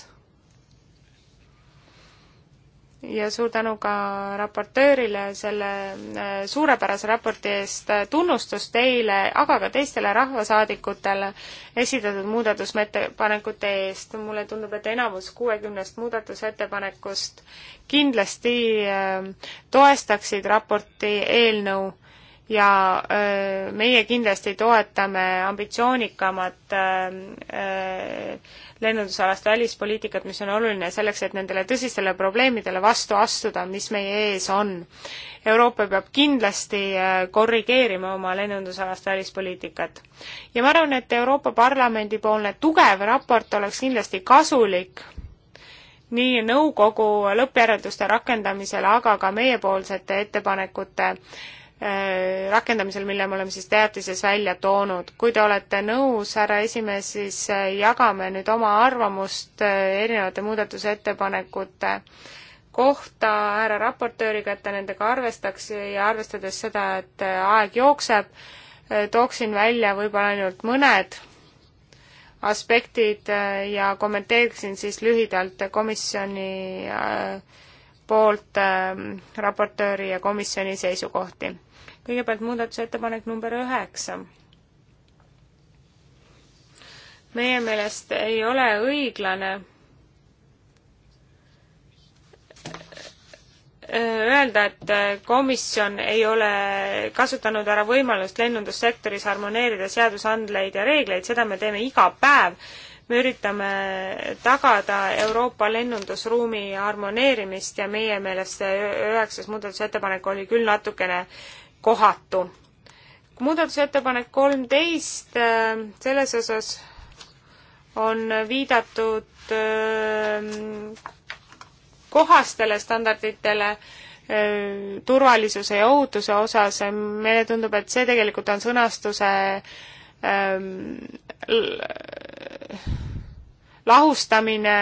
ja suur tänu ka raportöörile selle äh, suurepärase raporti eest, tunnustus teile, aga ka teistele rahvasaadikutele esitatud muudatusettepanekute eest. mulle tundub, et enamus kuuekümnest muudatusettepanekust kindlasti äh, toestaksid raporti eelnõu ja öö, meie kindlasti toetame ambitsioonikamat öö, lennundusalast välispoliitikat, mis on oluline selleks, et nendele tõsistele probleemidele vastu astuda, mis meie ees on. Euroopa peab kindlasti korrigeerima oma lennundusalast välispoliitikat. ja ma arvan, et Euroopa Parlamendi poolne tugev raport oleks kindlasti kasulik nii nõukogu lõppjärelduste rakendamisel, aga ka meiepoolsete ettepanekute äh, Äh, rakendamisel, mille me oleme siis teatises välja toonud. kui te olete nõus, härra esimees, siis äh, jagame nüüd oma arvamust äh, erinevate muudatusettepanekute kohta härra raportööriga, et ta nendega arvestaks ja arvestades seda, et aeg jookseb, tooksin välja võib-olla ainult mõned aspektid ja kommenteeriksin siis lühidalt komisjoni poolt ähm, raportööri ja komisjoni seisukohti kõigepealt muudatusettepanek number üheksa. meie meelest ei ole õiglane äh, öelda, et äh, komisjon ei ole kasutanud ära võimalust lennundussektoris harmoneerida seadusandleid ja reegleid, seda me teeme iga päev. me üritame tagada Euroopa lennundusruumi harmoneerimist ja meie meelest see üheksas muudatusettepanek oli küll natukene kohatu. muudatusettepanek kolmteist, äh, selles osas on viidatud äh, kohastele standarditele äh, turvalisuse ja ohutuse osas, meile tundub, et see tegelikult on sõnastuse ähm, lahustamine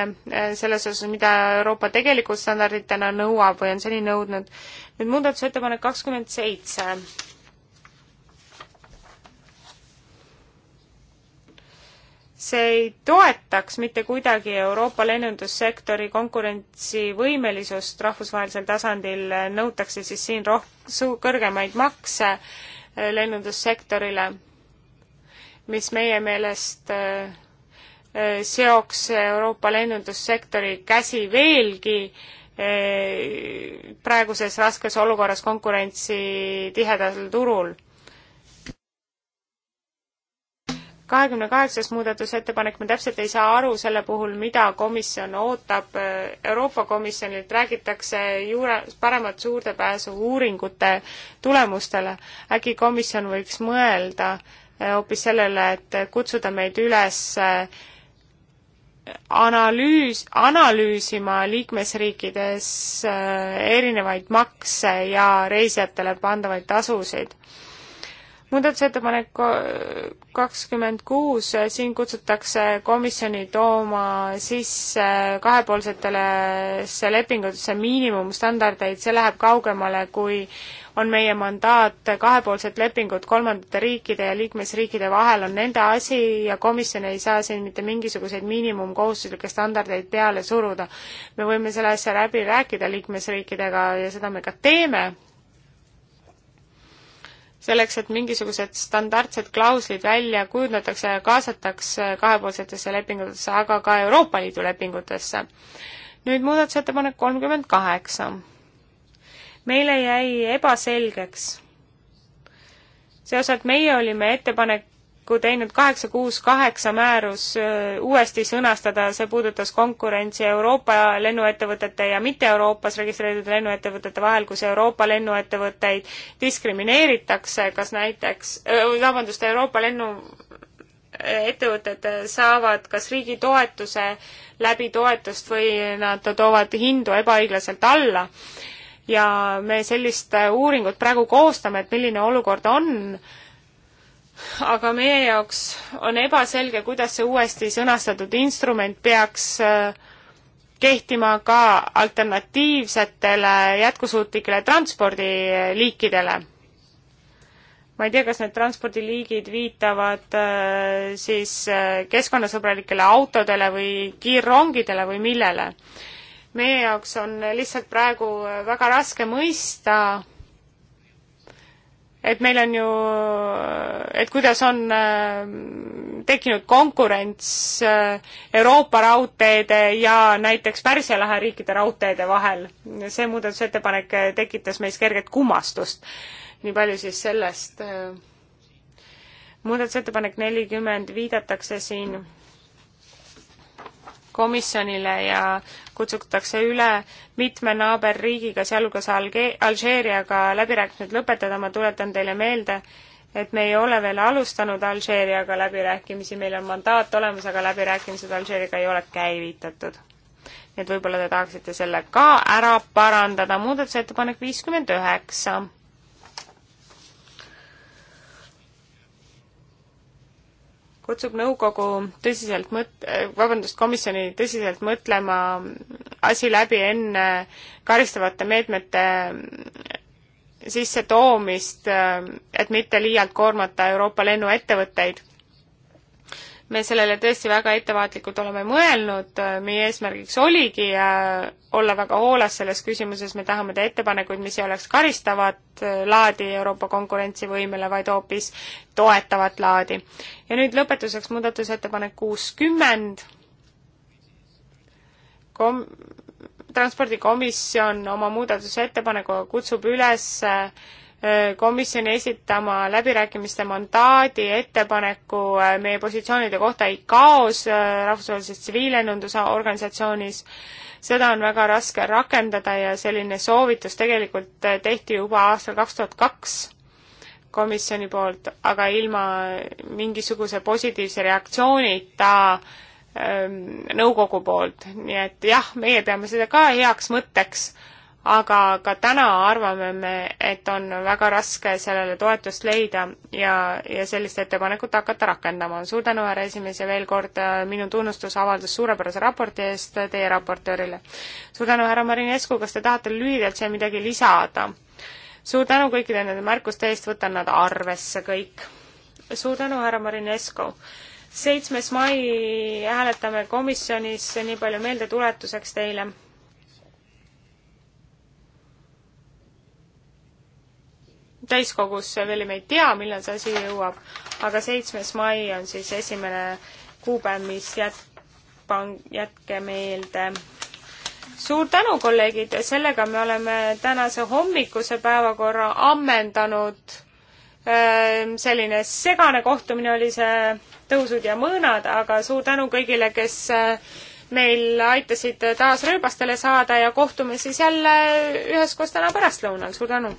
selles osas, mida Euroopa tegelikult standarditena nõuab või on seni nõudnud nüüd muudatusettepanek kakskümmend seitse. see ei toetaks mitte kuidagi Euroopa lennundussektori konkurentsivõimelisust rahvusvahelisel tasandil, nõutakse siis siin roh-, su-, kõrgemaid makse eh, lennundussektorile, mis meie meelest eh, eh, seoks Euroopa lennundussektori käsi veelgi äh, Eh, praeguses raskes olukorras konkurentsi tihedal turul. kahekümne kaheksas muudatusettepanek, ma täpselt ei saa aru selle puhul, mida komisjon ootab. Euroopa Komisjonilt räägitakse juure, paremat juurdepääsu uuringute tulemustele. äkki komisjon võiks mõelda eh, hoopis sellele, et kutsuda meid üles äh, analüüs, analüüsima liikmesriikides äh, erinevaid makse ja reisijatele pandavaid tasusid. muudatusettepanek äh, kakskümmend kuus, äh, siin kutsutakse komisjoni tooma sisse kahepoolsetele lepingutesse miinimumstandardeid, see läheb kaugemale kui on meie mandaat, kahepoolsed lepingud kolmandate riikide ja liikmesriikide vahel on nende asi ja komisjon ei saa siin mitte mingisuguseid miinimumkohustuslikke standardeid peale suruda. me võime selle asja läbi rääkida liikmesriikidega ja seda me ka teeme, selleks, et mingisugused standardsed klauslid välja kujundatakse ja kaasatakse kahepoolsetesse lepingutesse, aga ka Euroopa Liidu lepingutesse. nüüd muudatusettepanek kolmkümmend kaheksa meile jäi ebaselgeks. see osa, et meie olime ettepaneku teinud kaheksa kuus kaheksa määrus uuesti sõnastada, see puudutas konkurentsi Euroopa lennuettevõtete ja mitte Euroopas registreeritud lennuettevõtete vahel, kus Euroopa lennuettevõtteid diskrimineeritakse, kas näiteks, vabandust, Euroopa lennu ettevõtted saavad kas riigi toetuse läbi toetust või nad toovad hindu ebaõiglaselt alla ja me sellist uuringut praegu koostame, et milline olukord on, aga meie jaoks on ebaselge, kuidas see uuesti sõnastatud instrument peaks äh, kehtima ka alternatiivsetele jätkusuutlikele transpordiliikidele. ma ei tea, kas need transpordiliigid viitavad äh, siis äh, keskkonnasõbralikele autodele või kiirrongidele või millele meie jaoks on lihtsalt praegu väga raske mõista, et meil on ju, et kuidas on äh, tekkinud konkurents äh, Euroopa raudteede ja näiteks Pärsia lahe riikide raudteede vahel. see muudatusettepanek tekitas meis kerget kummastust. nii palju siis sellest. Äh, muudatusettepanek nelikümmend viidatakse siin komisjonile ja kutsutakse üle mitme naaberriigiga, sealhulgas Alge-, Alžeeriaga läbirääkimised lõpetada, ma tuletan teile meelde, et me ei ole veel alustanud Alžeeriaga läbirääkimisi, meil on mandaat olemas, aga läbirääkimised Alžeeriga ei ole käivitatud. nii et võib-olla te tahaksite selle ka ära parandada, muudatusettepanek viiskümmend üheksa kutsub nõukogu tõsiselt mõt-, äh, vabandust, komisjoni tõsiselt mõtlema asi läbi enne karistavate meetmete sissetoomist, äh, et mitte liialt koormata Euroopa lennuettevõtteid me sellele tõesti väga ettevaatlikult oleme mõelnud, meie eesmärgiks oligi äh, olla väga hoolas selles küsimuses, me tahame teha ettepanekuid, mis ei oleks karistavat äh, laadi Euroopa konkurentsivõimele, vaid hoopis toetavat laadi. ja nüüd lõpetuseks muudatusettepanek kuuskümmend, kom-, transpordikomisjon oma muudatusettepanekuga kutsub üles äh, Äh, komisjoni esitama läbirääkimiste mandaadi ettepaneku äh, meie positsioonide kohta ICAO-s, äh, rahvusvahelises tsiviillennunduse organisatsioonis. seda on väga raske rakendada ja selline soovitus tegelikult tehti juba aastal kaks tuhat kaks komisjoni poolt, aga ilma mingisuguse positiivse reaktsioonita ähm, nõukogu poolt, nii et jah, meie peame seda ka heaks mõtteks aga ka täna arvame me, et on väga raske sellele toetust leida ja, ja sellist ettepanekut hakata rakendama. suur tänu, härra esimees, ja veel kord äh, minu tunnustusavaldus suurepärase raporti eest teie raportöörile. suur tänu, härra Marinescu, kas te tahate lühidalt siia midagi lisada? suur tänu kõikide nende märkuste eest, võtan nad arvesse kõik. suur tänu, härra Marinescu seitsmes mai hääletame komisjonis, nii palju meeldetuletuseks teile täiskogusse, veel me ei tea, millal see asi jõuab, aga seitsmes mai on siis esimene kuupäev, mis jät-, pan-, jätke meelde. suur tänu, kolleegid, sellega me oleme tänase hommikuse päevakorra ammendanud. selline segane kohtumine oli see tõusud ja mõõnad, aga suur tänu kõigile, kes meil aitasid taas rööbastele saada ja kohtume siis jälle üheskoos täna pärastlõunal, suur tänu!